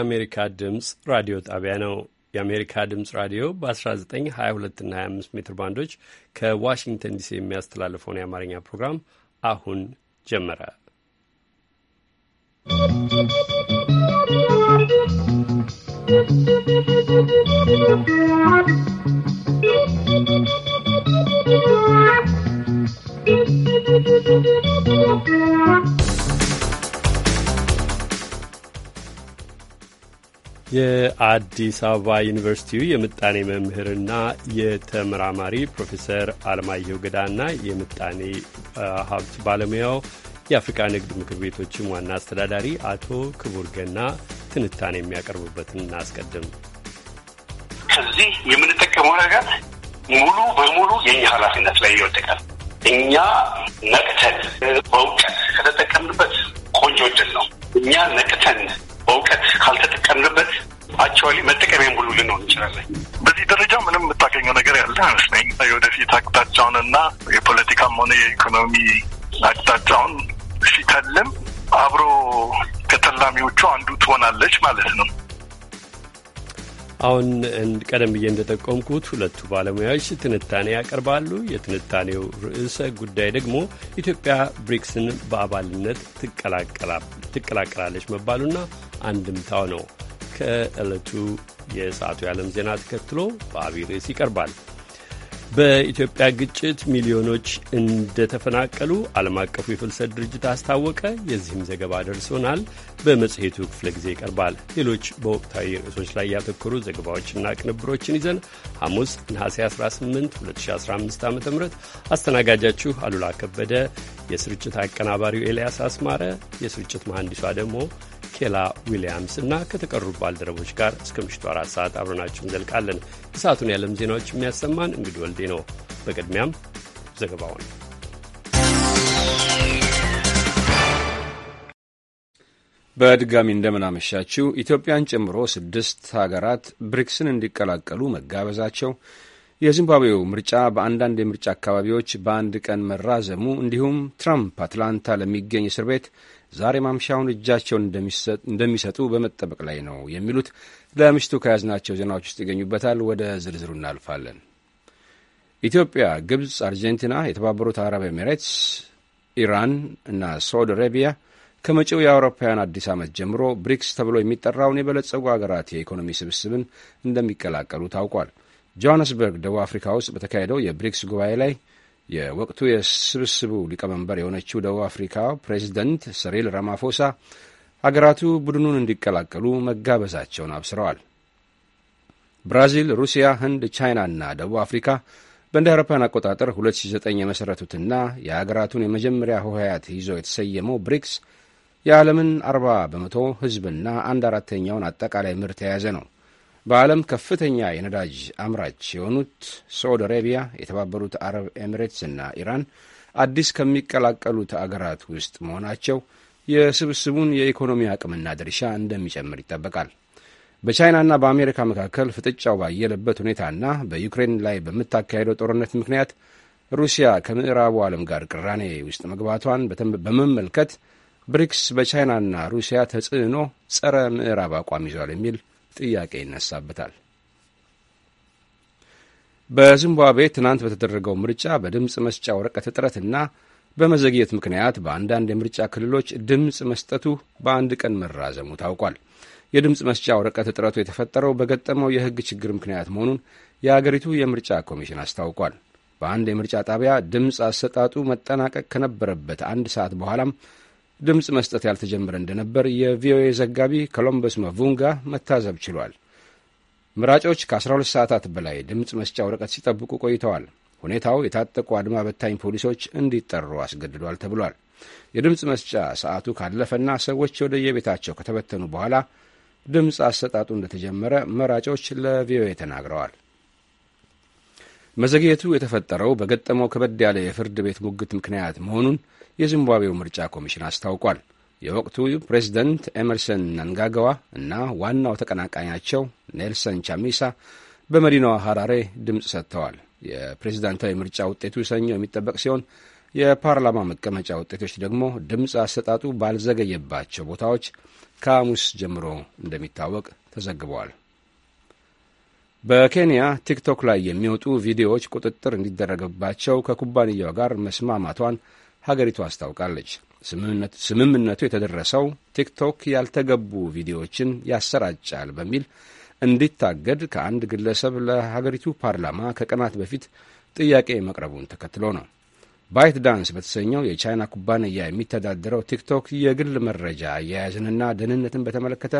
የአሜሪካ ድምፅ ራዲዮ ጣቢያ ነው። የአሜሪካ ድምፅ ራዲዮ በ 1922 እና 25 ሜትር ባንዶች ከዋሽንግተን ዲሲ የሚያስተላልፈውን የአማርኛ ፕሮግራም አሁን ጀመረ። ¶¶ የአዲስ አበባ ዩኒቨርሲቲው የምጣኔ መምህርና የተመራማሪ ፕሮፌሰር አለማየሁ ገዳና የምጣኔ ሀብት ባለሙያው የአፍሪካ ንግድ ምክር ቤቶችም ዋና አስተዳዳሪ አቶ ክቡር ገና ትንታኔ የሚያቀርቡበትን እናስቀድም። ከዚህ የምንጠቀመው ነገር ሙሉ በሙሉ የኛ ኃላፊነት ላይ ይወደቃል። እኛ ነቅተን በእውቀት ከተጠቀምንበት ቆንጆ ድል ነው። እኛ ነቅተን በእውቀት ካልተጠቀምንበት አቸዋሊ መጠቀሚያም ሁሉ ልንሆን እንችላለን። በዚህ ደረጃ ምንም የምታገኘው ነገር ያለ አይመስለኝ። የወደፊት አቅጣጫውንና የፖለቲካም ሆነ የኢኮኖሚ አቅጣጫውን ሲተልም አብሮ ከተላሚዎቹ አንዱ ትሆናለች ማለት ነው። አሁን ቀደም ብዬ እንደጠቆምኩት ሁለቱ ባለሙያዎች ትንታኔ ያቀርባሉ። የትንታኔው ርዕሰ ጉዳይ ደግሞ ኢትዮጵያ ብሪክስን በአባልነት ትቀላቀላለች መባሉና አንድምታው ነው። ከዕለቱ የሰዓቱ የዓለም ዜና ተከትሎ በአቢ ርዕስ ይቀርባል። በኢትዮጵያ ግጭት ሚሊዮኖች እንደተፈናቀሉ ዓለም አቀፉ የፍልሰት ድርጅት አስታወቀ። የዚህም ዘገባ ደርሶናል፣ በመጽሔቱ ክፍለ ጊዜ ይቀርባል። ሌሎች በወቅታዊ ርዕሶች ላይ ያተኮሩ ዘገባዎችና ቅንብሮችን ይዘን ሐሙስ ነሐሴ 18 2015 ዓ ም አስተናጋጃችሁ አሉላ ከበደ፣ የስርጭት አቀናባሪው ኤልያስ አስማረ፣ የስርጭት መሐንዲሷ ደግሞ ኬላ ዊሊያምስ እና ከተቀሩ ባልደረቦች ጋር እስከ ምሽቱ አራት ሰዓት አብረናችሁ እንዘልቃለን። የሰዓቱን የዓለም ዜናዎች የሚያሰማን እንግዲህ ወልዴ ነው። በቅድሚያም ዘገባውን በድጋሚ እንደምናመሻችው ኢትዮጵያን ጨምሮ ስድስት ሀገራት ብሪክስን እንዲቀላቀሉ መጋበዛቸው፣ የዚምባብዌው ምርጫ በአንዳንድ የምርጫ አካባቢዎች በአንድ ቀን መራዘሙ፣ እንዲሁም ትራምፕ አትላንታ ለሚገኝ እስር ቤት ዛሬ ማምሻውን እጃቸውን እንደሚሰጡ በመጠበቅ ላይ ነው የሚሉት ለምሽቱ ከያዝናቸው ዜናዎች ውስጥ ይገኙበታል። ወደ ዝርዝሩ እናልፋለን። ኢትዮጵያ፣ ግብፅ፣ አርጀንቲና፣ የተባበሩት አረብ ኤሚሬትስ፣ ኢራን እና ሳዑዲ አረቢያ ከመጪው የአውሮፓውያን አዲስ ዓመት ጀምሮ ብሪክስ ተብሎ የሚጠራውን የበለጸጉ አገራት የኢኮኖሚ ስብስብን እንደሚቀላቀሉ ታውቋል። ጆሃንስበርግ፣ ደቡብ አፍሪካ ውስጥ በተካሄደው የብሪክስ ጉባኤ ላይ የወቅቱ የስብስቡ ሊቀመንበር የሆነችው ደቡብ አፍሪካ ፕሬዚደንት ሰሪል ራማፎሳ አገራቱ ቡድኑን እንዲቀላቀሉ መጋበዛቸውን አብስረዋል። ብራዚል፣ ሩሲያ፣ ህንድ፣ ቻይና እና ደቡብ አፍሪካ በእንደ አውሮፓውያን አቆጣጠር 2009 የመሠረቱትና የሀገራቱን የመጀመሪያ ሆሄያት ይዞ የተሰየመው ብሪክስ የዓለምን 40 በመቶ ህዝብና አንድ አራተኛውን አጠቃላይ ምርት የያዘ ነው። በዓለም ከፍተኛ የነዳጅ አምራች የሆኑት ሳዑዲ አረቢያ፣ የተባበሩት አረብ ኤሚሬትስ እና ኢራን አዲስ ከሚቀላቀሉት አገራት ውስጥ መሆናቸው የስብስቡን የኢኮኖሚ አቅምና ድርሻ እንደሚጨምር ይጠበቃል። በቻይናና በአሜሪካ መካከል ፍጥጫው ባየለበት ሁኔታና በዩክሬን ላይ በምታካሄደው ጦርነት ምክንያት ሩሲያ ከምዕራቡ ዓለም ጋር ቅራኔ ውስጥ መግባቷን በመመልከት ብሪክስ በቻይናና ሩሲያ ተጽዕኖ ጸረ ምዕራብ አቋም ይዟል የሚል ጥያቄ ይነሳበታል። በዚምባብዌ ትናንት በተደረገው ምርጫ በድምፅ መስጫ ወረቀት እጥረትና በመዘግየት ምክንያት በአንዳንድ የምርጫ ክልሎች ድምፅ መስጠቱ በአንድ ቀን መራዘሙ ታውቋል። የድምፅ መስጫ ወረቀት እጥረቱ የተፈጠረው በገጠመው የሕግ ችግር ምክንያት መሆኑን የአገሪቱ የምርጫ ኮሚሽን አስታውቋል። በአንድ የምርጫ ጣቢያ ድምፅ አሰጣጡ መጠናቀቅ ከነበረበት አንድ ሰዓት በኋላም ድምፅ መስጠት ያልተጀመረ እንደነበር የቪኦኤ ዘጋቢ ኮሎምበስ ማቡንጋ መታዘብ ችሏል። ምራጮች ከ12 ሰዓታት በላይ ድምፅ መስጫ ወረቀት ሲጠብቁ ቆይተዋል። ሁኔታው የታጠቁ አድማ በታኝ ፖሊሶች እንዲጠሩ አስገድዷል ተብሏል። የድምፅ መስጫ ሰዓቱ ካለፈና ሰዎች ወደ የቤታቸው ከተበተኑ በኋላ ድምፅ አሰጣጡ እንደተጀመረ መራጮች ለቪኦኤ ተናግረዋል። መዘግየቱ የተፈጠረው በገጠመው ከበድ ያለ የፍርድ ቤት ሙግት ምክንያት መሆኑን የዚምባብዌው ምርጫ ኮሚሽን አስታውቋል። የወቅቱ ፕሬዚደንት ኤመርሰን ናንጋገዋ እና ዋናው ተቀናቃኛቸው ኔልሰን ቻሚሳ በመዲናዋ ሀራሬ ድምፅ ሰጥተዋል። የፕሬዚዳንታዊ ምርጫ ውጤቱ ሰኞ የሚጠበቅ ሲሆን የፓርላማ መቀመጫ ውጤቶች ደግሞ ድምፅ አሰጣጡ ባልዘገየባቸው ቦታዎች ከሐሙስ ጀምሮ እንደሚታወቅ ተዘግበዋል። በኬንያ ቲክቶክ ላይ የሚወጡ ቪዲዮዎች ቁጥጥር እንዲደረግባቸው ከኩባንያው ጋር መስማማቷን ሀገሪቱ አስታውቃለች። ስምምነቱ የተደረሰው ቲክቶክ ያልተገቡ ቪዲዮዎችን ያሰራጫል በሚል እንዲታገድ ከአንድ ግለሰብ ለሀገሪቱ ፓርላማ ከቀናት በፊት ጥያቄ መቅረቡን ተከትሎ ነው። ባይት ዳንስ በተሰኘው የቻይና ኩባንያ የሚተዳደረው ቲክቶክ የግል መረጃ አያያዝንና ደህንነትን በተመለከተ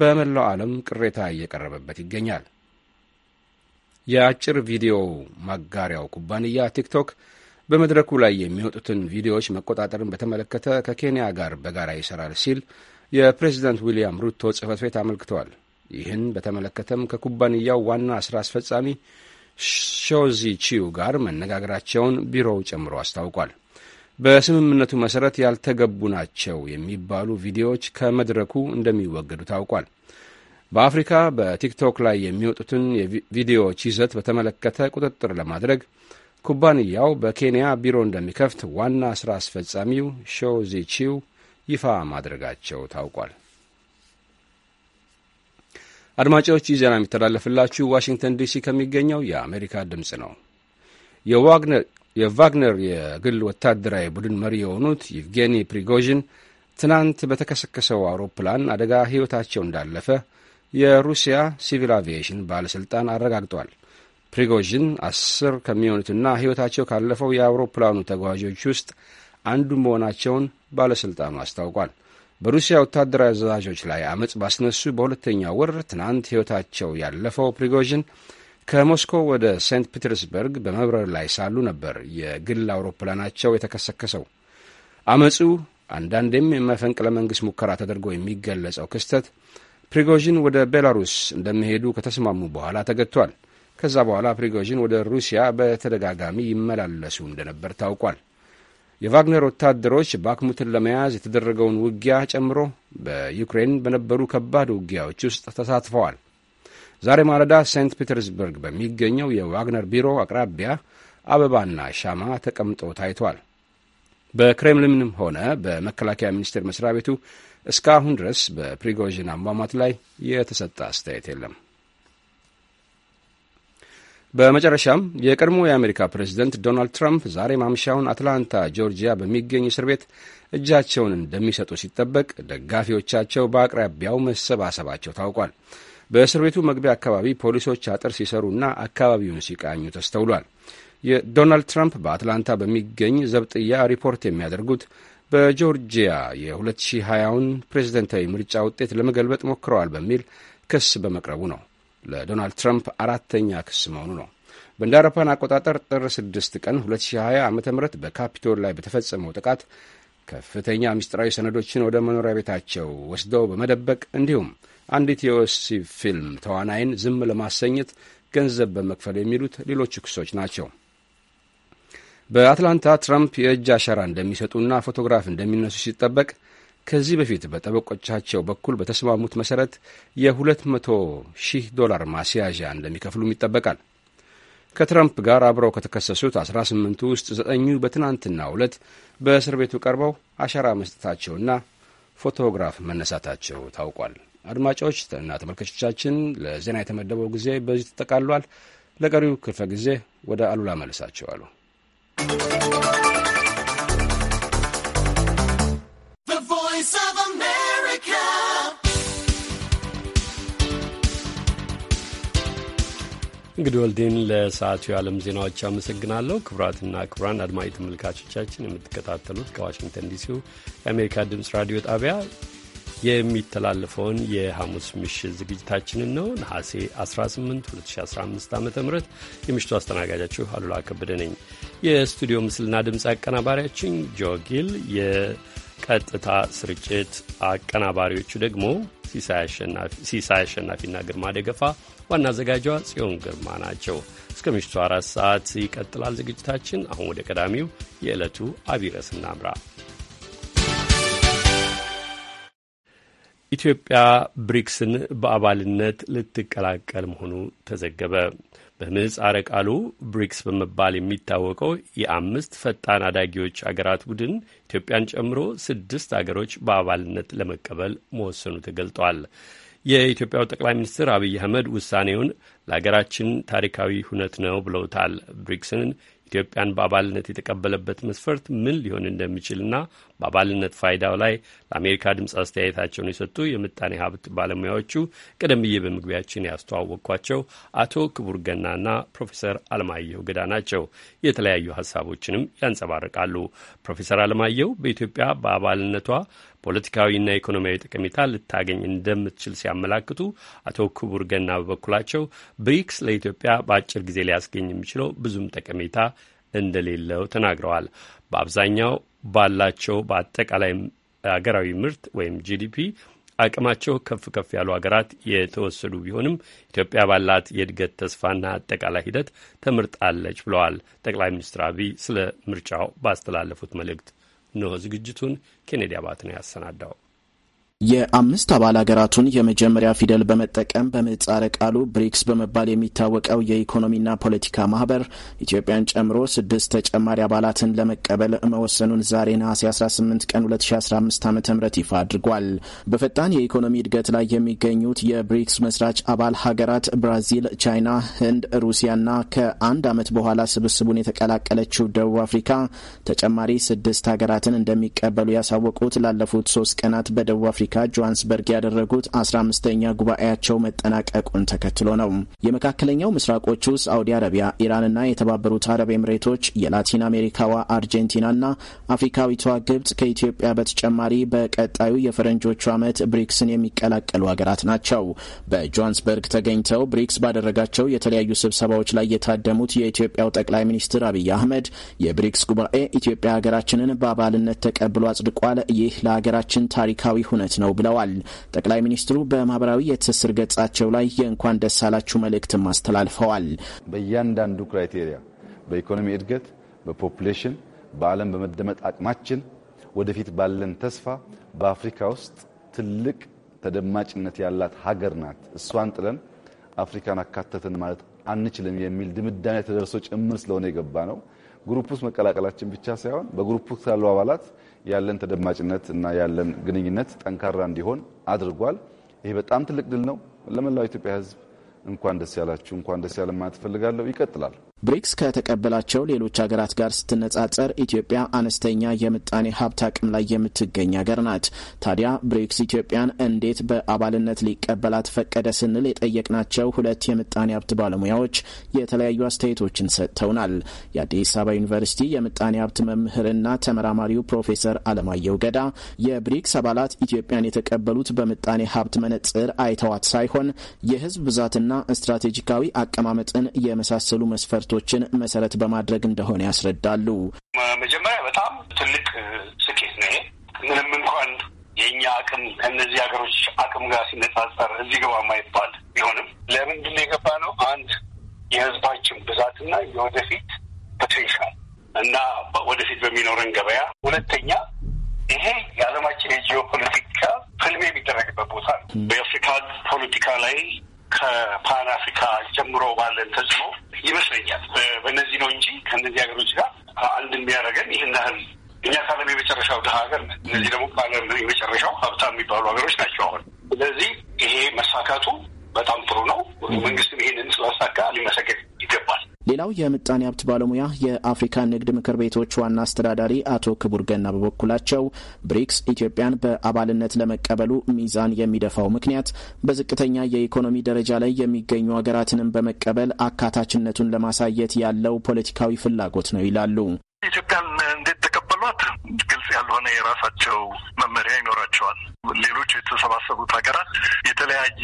በመላው ዓለም ቅሬታ እየቀረበበት ይገኛል። የአጭር ቪዲዮ ማጋሪያው ኩባንያ ቲክቶክ በመድረኩ ላይ የሚወጡትን ቪዲዮዎች መቆጣጠርን በተመለከተ ከኬንያ ጋር በጋራ ይሰራል ሲል የፕሬዚዳንት ዊልያም ሩቶ ጽህፈት ቤት አመልክተዋል። ይህን በተመለከተም ከኩባንያው ዋና ሥራ አስፈጻሚ ሾዚ ቺዩ ጋር መነጋገራቸውን ቢሮው ጨምሮ አስታውቋል። በስምምነቱ መሠረት ያልተገቡ ናቸው የሚባሉ ቪዲዮዎች ከመድረኩ እንደሚወገዱ ታውቋል። በአፍሪካ በቲክቶክ ላይ የሚወጡትን የቪዲዮዎች ይዘት በተመለከተ ቁጥጥር ለማድረግ ኩባንያው በኬንያ ቢሮ እንደሚከፍት ዋና ሥራ አስፈጻሚው ሾዚቺው ይፋ ማድረጋቸው ታውቋል። አድማጮች ይህ ዜና የሚተላለፍላችሁ ዋሽንግተን ዲሲ ከሚገኘው የአሜሪካ ድምፅ ነው። የቫግነር የግል ወታደራዊ ቡድን መሪ የሆኑት ይቭጌኒ ፕሪጎዥን ትናንት በተከሰከሰው አውሮፕላን አደጋ ሕይወታቸው እንዳለፈ የሩሲያ ሲቪል አቪዬሽን ባለሥልጣን አረጋግጧል። ፕሪጎዥን አስር ከሚሆኑትና ሕይወታቸው ካለፈው የአውሮፕላኑ ተጓዦች ውስጥ አንዱ መሆናቸውን ባለሥልጣኑ አስታውቋል። በሩሲያ ወታደራዊ አዛዦች ላይ አመፅ ባስነሱ በሁለተኛው ወር ትናንት ሕይወታቸው ያለፈው ፕሪጎዥን ከሞስኮ ወደ ሴንት ፒተርስበርግ በመብረር ላይ ሳሉ ነበር የግል አውሮፕላናቸው የተከሰከሰው። አመፁ አንዳንዴም የመፈንቅለ መንግሥት ሙከራ ተደርጎ የሚገለጸው ክስተት ፕሪጎዥን ወደ ቤላሩስ እንደሚሄዱ ከተስማሙ በኋላ ተገጥቷል። ከዛ በኋላ ፕሪጎዥን ወደ ሩሲያ በተደጋጋሚ ይመላለሱ እንደነበር ታውቋል። የቫግነር ወታደሮች ባክሙትን ለመያዝ የተደረገውን ውጊያ ጨምሮ በዩክሬን በነበሩ ከባድ ውጊያዎች ውስጥ ተሳትፈዋል። ዛሬ ማለዳ ሴንት ፒተርስበርግ በሚገኘው የዋግነር ቢሮ አቅራቢያ አበባና ሻማ ተቀምጦ ታይቷል። በክሬምሊንም ሆነ በመከላከያ ሚኒስቴር መስሪያ ቤቱ እስካሁን ድረስ በፕሪጎዥን አሟሟት ላይ የተሰጠ አስተያየት የለም። በመጨረሻም የቀድሞ የአሜሪካ ፕሬዝደንት ዶናልድ ትራምፕ ዛሬ ማምሻውን አትላንታ ጆርጂያ በሚገኝ እስር ቤት እጃቸውን እንደሚሰጡ ሲጠበቅ ደጋፊዎቻቸው በአቅራቢያው መሰባሰባቸው ታውቋል። በእስር ቤቱ መግቢያ አካባቢ ፖሊሶች አጥር ሲሰሩና አካባቢውን ሲቃኙ ተስተውሏል። የዶናልድ ትራምፕ በአትላንታ በሚገኝ ዘብጥያ ሪፖርት የሚያደርጉት በጆርጂያ የ2020ን ፕሬዝደንታዊ ምርጫ ውጤት ለመገልበጥ ሞክረዋል በሚል ክስ በመቅረቡ ነው። ለዶናልድ ትራምፕ አራተኛ ክስ መሆኑ ነው። በእንደ አውሮፓን አቆጣጠር ጥር 6 ቀን 2020 ዓ ም በካፒቶል ላይ በተፈጸመው ጥቃት ከፍተኛ ምስጢራዊ ሰነዶችን ወደ መኖሪያ ቤታቸው ወስደው በመደበቅ እንዲሁም አንዲት የወሲብ ፊልም ተዋናይን ዝም ለማሰኘት ገንዘብ በመክፈል የሚሉት ሌሎቹ ክሶች ናቸው። በአትላንታ ትራምፕ የእጅ አሻራ እንደሚሰጡና ፎቶግራፍ እንደሚነሱ ሲጠበቅ ከዚህ በፊት በጠበቆቻቸው በኩል በተስማሙት መሠረት የ200 ሺህ ዶላር ማስያዣ እንደሚከፍሉም ይጠበቃል። ከትራምፕ ጋር አብረው ከተከሰሱት 18ቱ ውስጥ ዘጠኙ በትናንትናው ዕለት በእስር ቤቱ ቀርበው አሻራ መስጠታቸውና ፎቶግራፍ መነሳታቸው ታውቋል። አድማጮች እና ተመልካቾቻችን ለዜና የተመደበው ጊዜ በዚህ ተጠቃሏል። ለቀሪው ክፍለ ጊዜ ወደ አሉላ አሉ? እንግዲህ ወልዴን ለሰዓቱ የዓለም ዜናዎች አመሰግናለሁ። ክቡራትና ክቡራን አድማጭ ተመልካቾቻችን የምትከታተሉት ከዋሽንግተን ዲሲው የአሜሪካ ድምፅ ራዲዮ ጣቢያ የሚተላለፈውን የሐሙስ ምሽት ዝግጅታችንን ነው። ነሐሴ 18 2015 ዓ ም የምሽቱ አስተናጋጃችሁ አሉላ ከበደ ነኝ። የስቱዲዮ ምስልና ድምፅ አቀናባሪያችን ጆጊል፣ የቀጥታ ስርጭት አቀናባሪዎቹ ደግሞ ሲሳይ አሸናፊና ግርማ ደገፋ፣ ዋና አዘጋጇ ጽዮን ግርማ ናቸው። እስከ ምሽቱ አራት ሰዓት ይቀጥላል ዝግጅታችን። አሁን ወደ ቀዳሚው የዕለቱ አቢረስና ምራ እናምራ። ኢትዮጵያ ብሪክስን በአባልነት ልትቀላቀል መሆኑ ተዘገበ። በምህጻረ ቃሉ ብሪክስ በመባል የሚታወቀው የአምስት ፈጣን አዳጊዎች አገራት ቡድን ኢትዮጵያን ጨምሮ ስድስት አገሮች በአባልነት ለመቀበል መወሰኑ ተገልጧል። የኢትዮጵያው ጠቅላይ ሚኒስትር አብይ አህመድ ውሳኔውን ለሀገራችን ታሪካዊ ሁነት ነው ብለውታል። ብሪክስን ኢትዮጵያን በአባልነት የተቀበለበት መስፈርት ምን ሊሆን እንደሚችልና በአባልነት ፋይዳው ላይ ለአሜሪካ ድምፅ አስተያየታቸውን የሰጡ የምጣኔ ሀብት ባለሙያዎቹ ቀደም ብዬ በመግቢያችን ያስተዋወቅኳቸው አቶ ክቡር ገናና ፕሮፌሰር አለማየሁ ገዳ ናቸው። የተለያዩ ሀሳቦችንም ያንጸባርቃሉ። ፕሮፌሰር አለማየሁ በኢትዮጵያ በአባልነቷ ፖለቲካዊና ኢኮኖሚያዊ ጠቀሜታ ልታገኝ እንደምትችል ሲያመላክቱ፣ አቶ ክቡር ገና በበኩላቸው ብሪክስ ለኢትዮጵያ በአጭር ጊዜ ሊያስገኝ የሚችለው ብዙም ጠቀሜታ እንደሌለው ተናግረዋል። በአብዛኛው ባላቸው በአጠቃላይ አገራዊ ምርት ወይም ጂዲፒ አቅማቸው ከፍ ከፍ ያሉ ሀገራት የተወሰዱ ቢሆንም ኢትዮጵያ ባላት የእድገት ተስፋና አጠቃላይ ሂደት ተምርጣለች ብለዋል ጠቅላይ ሚኒስትር አብይ ስለ ምርጫው ባስተላለፉት መልእክት። እነሆ ዝግጅቱን ኬኔዲ አባት ነው ያሰናዳው። የአምስት አባል ሀገራቱን የመጀመሪያ ፊደል በመጠቀም በምህጻረ ቃሉ ብሪክስ በመባል የሚታወቀው የኢኮኖሚና ፖለቲካ ማህበር ኢትዮጵያን ጨምሮ ስድስት ተጨማሪ አባላትን ለመቀበል መወሰኑን ዛሬ ነሐሴ 18 ቀን 2015 ዓ ም ይፋ አድርጓል። በፈጣን የኢኮኖሚ እድገት ላይ የሚገኙት የብሪክስ መስራች አባል ሀገራት ብራዚል፣ ቻይና፣ ህንድ፣ ሩሲያና ከአንድ ዓመት በኋላ ስብስቡን የተቀላቀለችው ደቡብ አፍሪካ ተጨማሪ ስድስት ሀገራትን እንደሚቀበሉ ያሳወቁት ላለፉት ሶስት ቀናት በደቡብ አፍሪካ አፍሪካ ጆሃንስበርግ ያደረጉት አስራ አምስተኛ ጉባኤያቸው መጠናቀቁን ተከትሎ ነው። የመካከለኛው ምስራቆቹ ሳውዲ አረቢያ፣ ኢራንና የተባበሩት አረብ ኤምሬቶች፣ የላቲን አሜሪካዋ አርጀንቲናና አፍሪካዊቷ ግብጽ ከኢትዮጵያ በተጨማሪ በቀጣዩ የፈረንጆቹ ዓመት ብሪክስን የሚቀላቀሉ ሀገራት ናቸው። በጆሃንስበርግ ተገኝተው ብሪክስ ባደረጋቸው የተለያዩ ስብሰባዎች ላይ የታደሙት የኢትዮጵያው ጠቅላይ ሚኒስትር አብይ አህመድ የብሪክስ ጉባኤ ኢትዮጵያ ሀገራችንን በአባልነት ተቀብሎ አጽድቋል። ይህ ለሀገራችን ታሪካዊ ሁነት ነው ብለዋል። ጠቅላይ ሚኒስትሩ በማህበራዊ የትስስር ገጻቸው ላይ የእንኳን ደስ አላችሁ መልእክትም አስተላልፈዋል። በእያንዳንዱ ክራይቴሪያ በኢኮኖሚ እድገት፣ በፖፑሌሽን፣ በዓለም በመደመጥ አቅማችን ወደፊት ባለን ተስፋ በአፍሪካ ውስጥ ትልቅ ተደማጭነት ያላት ሀገር ናት። እሷን ጥለን አፍሪካን አካተትን ማለት አንችልም የሚል ድምዳሜ ተደርሶ ጭምር ስለሆነ የገባ ነው። ግሩፕ ውስጥ መቀላቀላችን ብቻ ሳይሆን በግሩፕ ውስጥ ያሉ አባላት ያለን ተደማጭነት እና ያለን ግንኙነት ጠንካራ እንዲሆን አድርጓል። ይሄ በጣም ትልቅ ድል ነው። ለመላው ኢትዮጵያ ሕዝብ እንኳን ደስ ያላችሁ፣ እንኳን ደስ ያለን ማለት እፈልጋለሁ። ይቀጥላል። ብሪክስ ከተቀበላቸው ሌሎች ሀገራት ጋር ስትነጻጸር ኢትዮጵያ አነስተኛ የምጣኔ ሀብት አቅም ላይ የምትገኝ ሀገር ናት። ታዲያ ብሪክስ ኢትዮጵያን እንዴት በአባልነት ሊቀበላት ፈቀደ ስንል የጠየቅናቸው ሁለት የምጣኔ ሀብት ባለሙያዎች የተለያዩ አስተያየቶችን ሰጥተውናል። የአዲስ አበባ ዩኒቨርሲቲ የምጣኔ ሀብት መምህርና ተመራማሪው ፕሮፌሰር አለማየሁ ገዳ የብሪክስ አባላት ኢትዮጵያን የተቀበሉት በምጣኔ ሀብት መነጽር አይተዋት ሳይሆን የህዝብ ብዛትና ስትራቴጂካዊ አቀማመጥን የመሳሰሉ መስፈርት መብቶችን መሰረት በማድረግ እንደሆነ ያስረዳሉ። መጀመሪያ በጣም ትልቅ ስኬት ነው። ምንም እንኳን የእኛ አቅም ከእነዚህ ሀገሮች አቅም ጋር ሲነጻጸር እዚህ ግባ ማይባል ቢሆንም ለምንድን ነው የገባ ነው? አንድ የህዝባችን ብዛትና የወደፊት ፖቴንሻል እና ወደፊት በሚኖረን ገበያ፣ ሁለተኛ ይሄ የዓለማችን የጂኦፖለቲካ ፍልሜ የሚደረግበት ቦታ ነው። በአፍሪካ ፖለቲካ ላይ ከፓን አፍሪካ ጀምሮ ባለን ተጽዕኖ ይመስለኛል። በእነዚህ ነው እንጂ ከእነዚህ ሀገሮች ጋር አንድ የሚያደርገን ይህን ያህል እኛ ካለም የመጨረሻው ድሀ ሀገር ነን። እነዚህ ደግሞ ከዓለም የመጨረሻው ሀብታም የሚባሉ ሀገሮች ናቸው። አሁን ስለዚህ ይሄ መሳካቱ በጣም ጥሩ ነው። መንግስትም ይህንን ስላሳካ ሊመሰገን ይገባል። ሌላው የምጣኔ ሀብት ባለሙያ የአፍሪካ ንግድ ምክር ቤቶች ዋና አስተዳዳሪ አቶ ክቡር ገና በበኩላቸው ብሪክስ ኢትዮጵያን በአባልነት ለመቀበሉ ሚዛን የሚደፋው ምክንያት በዝቅተኛ የኢኮኖሚ ደረጃ ላይ የሚገኙ ሀገራትንም በመቀበል አካታችነቱን ለማሳየት ያለው ፖለቲካዊ ፍላጎት ነው ይላሉ። ኢትዮጵያን እንዴት ተቀበሏት? ግልጽ ያልሆነ የራሳቸው መመሪያ ይኖራቸዋል። ሌሎች የተሰባሰቡት ሀገራት የተለያየ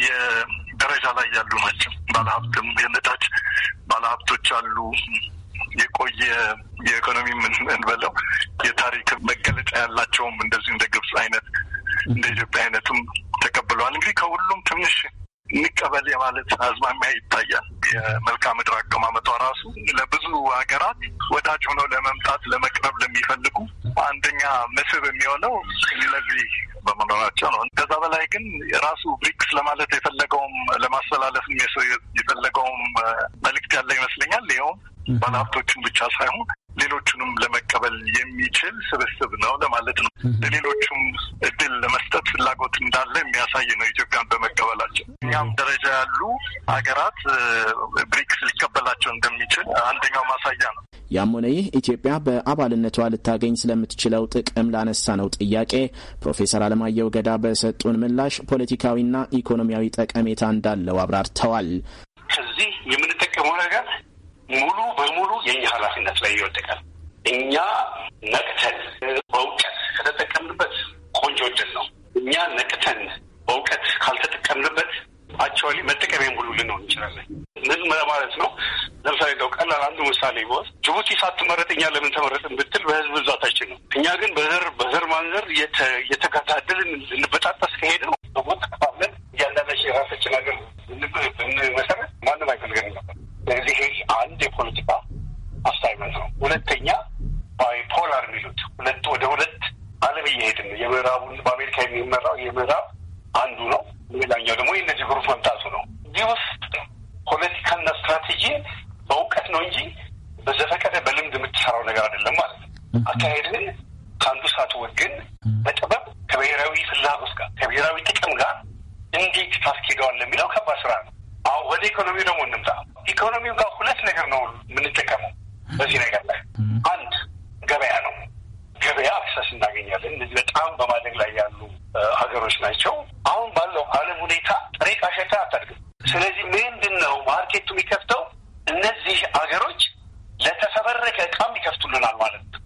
ደረጃ ላይ ያሉ ናቸው። ባለሀብትም የነዳጅ ባለሀብቶች አሉ። የቆየ የኢኮኖሚ ምንበለው የታሪክ መገለጫ ያላቸውም እንደዚህ እንደ ግብጽ አይነት እንደ ኢትዮጵያ አይነትም ተቀብለዋል። እንግዲህ ከሁሉም ትንሽ እንቀበል የማለት አዝማሚያ ይታያል። የመልክዓ ምድር አቀማመጧ ራሱ ለብዙ ሀገራት ወዳጅ ሆነው ለመምጣት ለመቅረብ ለሚፈልጉ አንደኛ መስህብ የሚሆነው ለዚህ በመኖራቸው ነው። ከዛ በላይ ግን ራሱ ብሪክስ ለማለት የፈለገውም ለማስተላለፍም የፈለገውም መልእክት ያለ ይመስለኛል። ይኸውም ባለሀብቶችን ብቻ ሳይሆን ሌሎቹንም ለመቀበል የሚችል ስብስብ ነው ለማለት ነው። ለሌሎቹም እድል ለመስጠት ፍላጎት እንዳለ የሚያሳይ ነው ኢትዮጵያን በመቀበላቸው። እኛም ደረጃ ያሉ ሀገራት ብሪክስ ሊቀበላቸው እንደሚችል አንደኛው ማሳያ ነው። ያም ሆነ ይህ ኢትዮጵያ በአባልነቷ ልታገኝ ስለምትችለው ጥቅም ላነሳ ነው ጥያቄ ፕሮፌሰር አለማየሁ ገዳ በሰጡን ምላሽ ፖለቲካዊና ኢኮኖሚያዊ ጠቀሜታ እንዳለው አብራርተዋል። ከዚህ የምንጠቀመው ነገር ሙሉ በሙሉ የእኛ ኃላፊነት ላይ ይወደቃል። እኛ ነቅተን በእውቀት ከተጠቀምንበት ቆንጆ ዕድል ነው። እኛ ነቅተን በእውቀት ካልተጠቀምንበት አክቹዋሊ መጠቀሚያም ሁሉ ልንሆን እንችላለን። ምን ለማለት ነው? ለምሳሌ እንደው ቀላል አንዱ ምሳሌ ቢወስ ጅቡቲ ሳትመረጥ እኛ ለምን ተመረጥን ብትል በህዝብ ብዛታችን ነው። እኛ ግን በዘር በዘር ማንዘር የተከታደልን ልንበጣጠስ ከሄደ ቦት ከፋለን እያንዳንዳችን የራሳችን ሀገር ብንመሰረት ማንም አይፈልገን ነበር። ስለዚህ አንድ የፖለቲካ አስታይመንት ነው። ሁለተኛ ባይፖላር የሚሉት ሁለት ወደ ሁለት አለም እየሄድን ነው። የምዕራቡን በአሜሪካ የሚመራው የምዕራብ አንዱ ነው። ሌላኛው ደግሞ የነዚህ ግሩፕ መምጣቱ ነው። እዚህ ውስጥ ፖለቲካና ስትራቴጂ በእውቀት ነው እንጂ በዘፈቀደ በልምድ የምትሰራው ነገር አይደለም ማለት ነው። አካሄድህን ከአንዱ ሳትወግን በጥበብ ከብሔራዊ ፍላጎት ጋር ከብሔራዊ ጥቅም ጋር እንዴት ታስኬደዋለህ የሚለው ከባድ ስራ ነው። አሁ ወደ ኢኮኖሚው ደግሞ እንምጣ። ኢኮኖሚው ጋር ሁለት ነገር ነው የምንጠቀመው በዚህ ነገር ላይ አንድ ገበያ ነው። ገበያ አክሰስ እናገኛለን። እነዚህ በጣም በማደግ ላይ ያሉ ሀገሮች ናቸው። አሁን ባለው ዓለም ሁኔታ ጥሬ ዕቃ ሸታ አታድግም። ስለዚህ ምንድን ነው ማርኬቱ የሚከፍተው? እነዚህ ሀገሮች ለተፈበረከ ዕቃም ይከፍቱልናል ማለት ነው።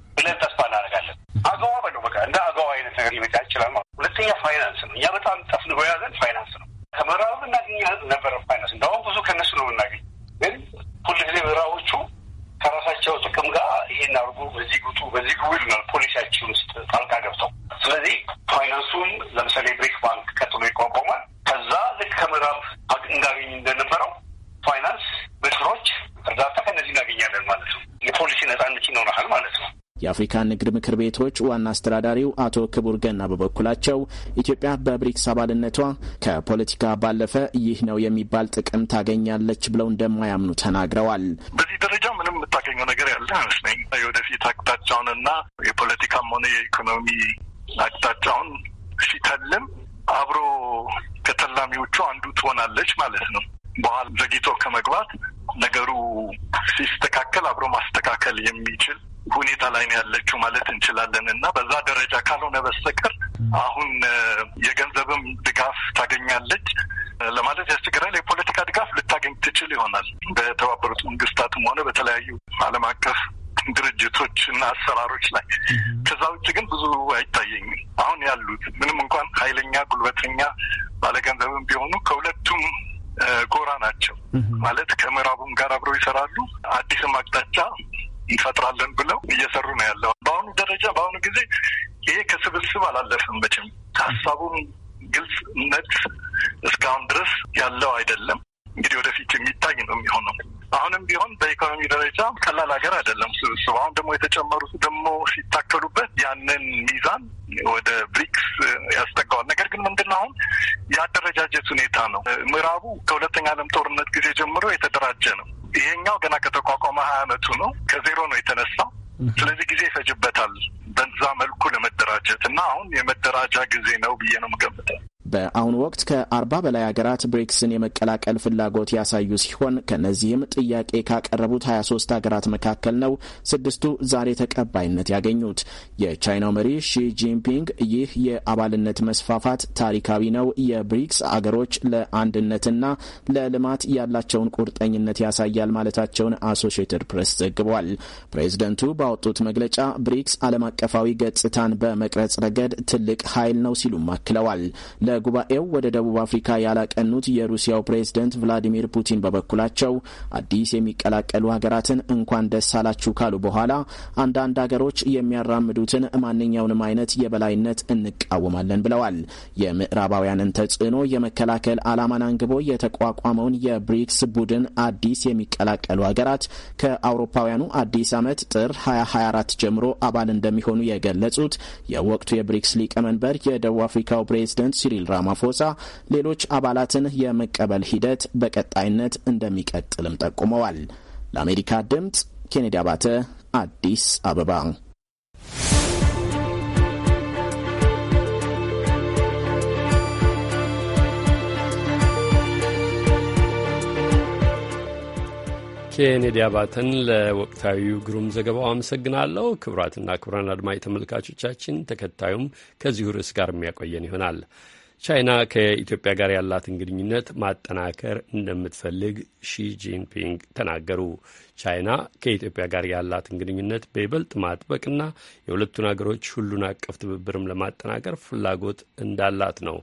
የአፍሪካ ንግድ ምክር ቤቶች ዋና አስተዳዳሪው አቶ ክቡር ገና በበኩላቸው ኢትዮጵያ በብሪክስ አባልነቷ ከፖለቲካ ባለፈ ይህ ነው የሚባል ጥቅም ታገኛለች ብለው እንደማያምኑ ተናግረዋል። በዚህ ደረጃ ምንም የምታገኘው ነገር ያለ አይመስለኝ። የወደፊት አቅጣጫውንና የፖለቲካም ሆነ የኢኮኖሚ አቅጣጫውን ሲተልም አብሮ ከተላሚዎቹ አንዱ ትሆናለች ማለት ነው። በኋላ ዘግይቶ ከመግባት ላይ ነው ያለችው ማለት እንችላለን እና በዛ ምዕራቡ ከሁለተኛ ዓለም ጦርነት ጊዜ ጀምሮ የተደራጀ ነው። ይሄኛው ገና ከተቋቋመ ሀያ አመቱ ነው። ከዜሮ ነው የተነሳው። ስለዚህ ጊዜ ይፈጅበታል በዛ መልኩ ለመደራጀት እና አሁን የመደራጃ ጊዜ ነው ብዬ ነው የምገምተው። በአሁኑ ወቅት ከአርባ በላይ ሀገራት ብሪክስን የመቀላቀል ፍላጎት ያሳዩ ሲሆን ከነዚህም ጥያቄ ካቀረቡት 23 ሀገራት መካከል ነው ስድስቱ ዛሬ ተቀባይነት ያገኙት። የቻይናው መሪ ሺ ጂንፒንግ ይህ የአባልነት መስፋፋት ታሪካዊ ነው፣ የብሪክስ አገሮች ለአንድነትና ለልማት ያላቸውን ቁርጠኝነት ያሳያል ማለታቸውን አሶሺየትድ ፕሬስ ዘግቧል። ፕሬዝደንቱ ባወጡት መግለጫ ብሪክስ ዓለም አቀፋዊ ገጽታን በመቅረጽ ረገድ ትልቅ ኃይል ነው ሲሉም አክለዋል። ከጉባኤው ወደ ደቡብ አፍሪካ ያላቀኑት የሩሲያው ፕሬዝደንት ቭላዲሚር ፑቲን በበኩላቸው አዲስ የሚቀላቀሉ ሀገራትን እንኳን ደስ አላችሁ ካሉ በኋላ አንዳንድ ሀገሮች የሚያራምዱትን ማንኛውንም አይነት የበላይነት እንቃወማለን ብለዋል። የምዕራባውያንን ተጽዕኖ የመከላከል ዓላማን አንግቦ የተቋቋመውን የብሪክስ ቡድን አዲስ የሚቀላቀሉ ሀገራት ከአውሮፓውያኑ አዲስ ዓመት ጥር 2024 ጀምሮ አባል እንደሚሆኑ የገለጹት የወቅቱ የብሪክስ ሊቀመንበር የደቡብ አፍሪካው ፕሬዝደንት ሲሪል ራማፎሳ ሌሎች አባላትን የመቀበል ሂደት በቀጣይነት እንደሚቀጥልም ጠቁመዋል። ለአሜሪካ ድምፅ ኬኔዲ አባተ አዲስ አበባ። ኬኔዲ አባተን ለወቅታዊው ግሩም ዘገባው አመሰግናለሁ። ክቡራትና ክቡራን አድማጭ ተመልካቾቻችን ተከታዩም ከዚሁ ርዕስ ጋር የሚያቆየን ይሆናል። ቻይና ከኢትዮጵያ ጋር ያላትን ግንኙነት ማጠናከር እንደምትፈልግ ሺ ጂንፒንግ ተናገሩ። ቻይና ከኢትዮጵያ ጋር ያላትን ግንኙነት በይበልጥ ማጥበቅና የሁለቱን አገሮች ሁሉን አቀፍ ትብብርም ለማጠናከር ፍላጎት እንዳላት ነው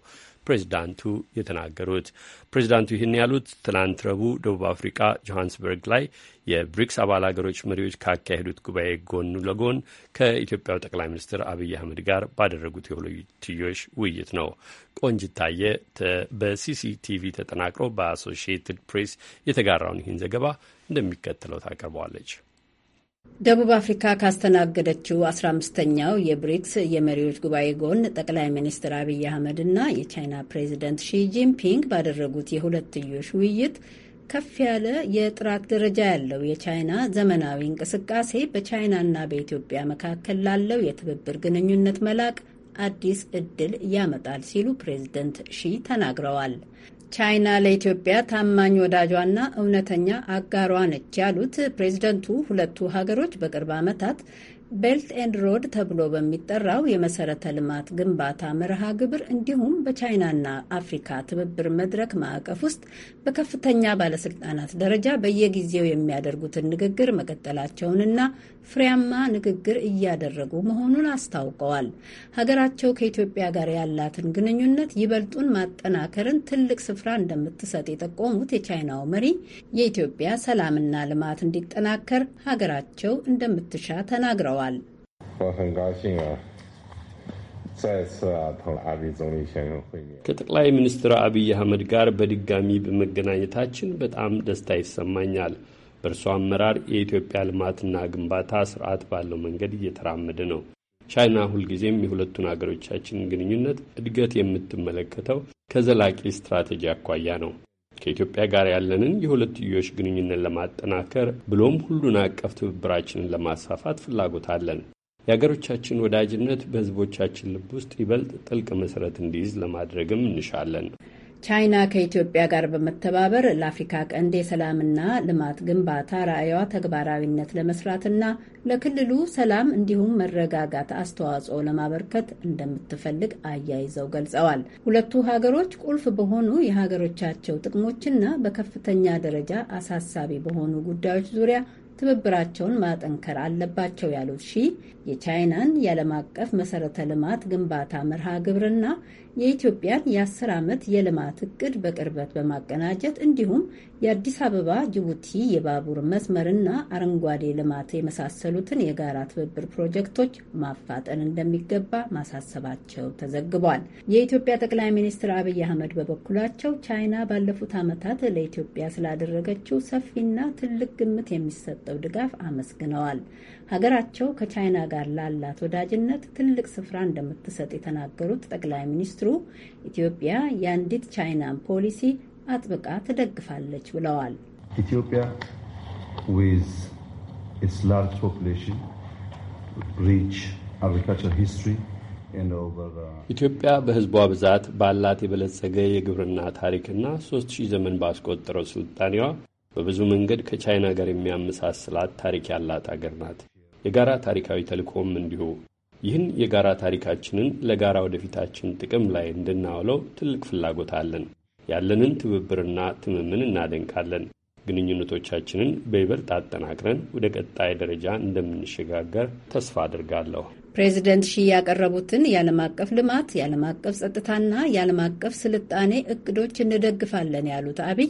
ፕሬዚዳንቱ የተናገሩት። ፕሬዚዳንቱ ይህን ያሉት ትናንት ረቡዕ ደቡብ አፍሪካ ጆሃንስበርግ ላይ የብሪክስ አባል አገሮች መሪዎች ካካሄዱት ጉባኤ ጎን ለጎን ከኢትዮጵያው ጠቅላይ ሚኒስትር አብይ አህመድ ጋር ባደረጉት የሁለትዮሽ ውይይት ነው። ቆንጅታየ በሲሲቲቪ ተጠናቅሮ በአሶሺየትድ ፕሬስ የተጋራውን ይህን ዘገባ እንደሚከተለው ታቀርበዋለች። ደቡብ አፍሪካ ካስተናገደችው 15ኛው የብሪክስ የመሪዎች ጉባኤ ጎን ጠቅላይ ሚኒስትር አብይ አህመድ እና የቻይና ፕሬዚደንት ሺ ጂንፒንግ ባደረጉት የሁለትዮሽ ውይይት ከፍ ያለ የጥራት ደረጃ ያለው የቻይና ዘመናዊ እንቅስቃሴ በቻይናና በኢትዮጵያ መካከል ላለው የትብብር ግንኙነት መላቅ አዲስ ዕድል ያመጣል ሲሉ ፕሬዚደንት ሺ ተናግረዋል። ቻይና ለኢትዮጵያ ታማኝ ወዳጇና እውነተኛ አጋሯ ነች ያሉት ፕሬዝደንቱ ሁለቱ ሀገሮች በቅርብ ዓመታት ቤልት ኤንድ ሮድ ተብሎ በሚጠራው የመሰረተ ልማት ግንባታ መርሃ ግብር እንዲሁም በቻይናና አፍሪካ ትብብር መድረክ ማዕቀፍ ውስጥ በከፍተኛ ባለስልጣናት ደረጃ በየጊዜው የሚያደርጉትን ንግግር መቀጠላቸውንና ፍሬያማ ንግግር እያደረጉ መሆኑን አስታውቀዋል። ሀገራቸው ከኢትዮጵያ ጋር ያላትን ግንኙነት ይበልጡን ማጠናከርን ትልቅ ስፍራ እንደምትሰጥ የጠቆሙት የቻይናው መሪ የኢትዮጵያ ሰላምና ልማት እንዲጠናከር ሀገራቸው እንደምትሻ ተናግረዋል። ከጠቅላይ ሚኒስትር አብይ አህመድ ጋር በድጋሚ በመገናኘታችን በጣም ደስታ ይሰማኛል። በእርሷ አመራር የኢትዮጵያ ልማትና ግንባታ ስርዓት ባለው መንገድ እየተራመደ ነው። ቻይና ሁልጊዜም የሁለቱን አገሮቻችን ግንኙነት እድገት የምትመለከተው ከዘላቂ ስትራቴጂ አኳያ ነው። ከኢትዮጵያ ጋር ያለንን የሁለትዮሽ ግንኙነት ለማጠናከር ብሎም ሁሉን አቀፍ ትብብራችንን ለማስፋፋት ፍላጎት አለን። የአገሮቻችን ወዳጅነት በህዝቦቻችን ልብ ውስጥ ይበልጥ ጥልቅ መሠረት እንዲይዝ ለማድረግም እንሻለን። ቻይና ከኢትዮጵያ ጋር በመተባበር ለአፍሪካ ቀንድ የሰላምና ልማት ግንባታ ራዕይዋ ተግባራዊነት ለመስራትና ለክልሉ ሰላም እንዲሁም መረጋጋት አስተዋጽኦ ለማበርከት እንደምትፈልግ አያይዘው ገልጸዋል። ሁለቱ ሀገሮች ቁልፍ በሆኑ የሀገሮቻቸው ጥቅሞችና በከፍተኛ ደረጃ አሳሳቢ በሆኑ ጉዳዮች ዙሪያ ትብብራቸውን ማጠንከር አለባቸው ያሉት ሺ የቻይናን የዓለም አቀፍ መሰረተ ልማት ግንባታ መርሃ ግብርና የኢትዮጵያን የአስር ዓመት የልማት እቅድ በቅርበት በማቀናጀት እንዲሁም የአዲስ አበባ ጅቡቲ የባቡር መስመርና አረንጓዴ ልማት የመሳሰሉትን የጋራ ትብብር ፕሮጀክቶች ማፋጠን እንደሚገባ ማሳሰባቸው ተዘግቧል። የኢትዮጵያ ጠቅላይ ሚኒስትር አብይ አህመድ በበኩላቸው ቻይና ባለፉት ዓመታት ለኢትዮጵያ ስላደረገችው ሰፊና ትልቅ ግምት የሚሰጠው ድጋፍ አመስግነዋል። ሀገራቸው ከቻይና ጋር ላላት ወዳጅነት ትልቅ ስፍራ እንደምትሰጥ የተናገሩት ጠቅላይ ሚኒስትሩ ኢትዮጵያ የአንዲት ቻይናን ፖሊሲ አጥብቃ ትደግፋለች ብለዋል። ኢትዮጵያ ዊዝ ኢትስ ላርጅ ፖፑሌሽን ሪች አግሪካልቸር ሂስትሪ ኢትዮጵያ በሕዝቧ ብዛት ባላት የበለጸገ የግብርና ታሪክና ሶስት ሺህ ዘመን ባስቆጠረው ስልጣኔዋ በብዙ መንገድ ከቻይና ጋር የሚያመሳስላት ታሪክ ያላት አገር ናት። የጋራ ታሪካዊ ተልእኮም እንዲሁ ይህን የጋራ ታሪካችንን ለጋራ ወደፊታችን ጥቅም ላይ እንድናውለው ትልቅ ፍላጎት አለን። ያለንን ትብብርና ትምምን እናደንቃለን። ግንኙነቶቻችንን በይበልጥ አጠናክረን ወደ ቀጣይ ደረጃ እንደምንሸጋገር ተስፋ አድርጋለሁ። ፕሬዚደንት ሺ ያቀረቡትን የዓለም አቀፍ ልማት፣ የዓለም አቀፍ ጸጥታና የዓለም አቀፍ ስልጣኔ እቅዶች እንደግፋለን ያሉት አብይ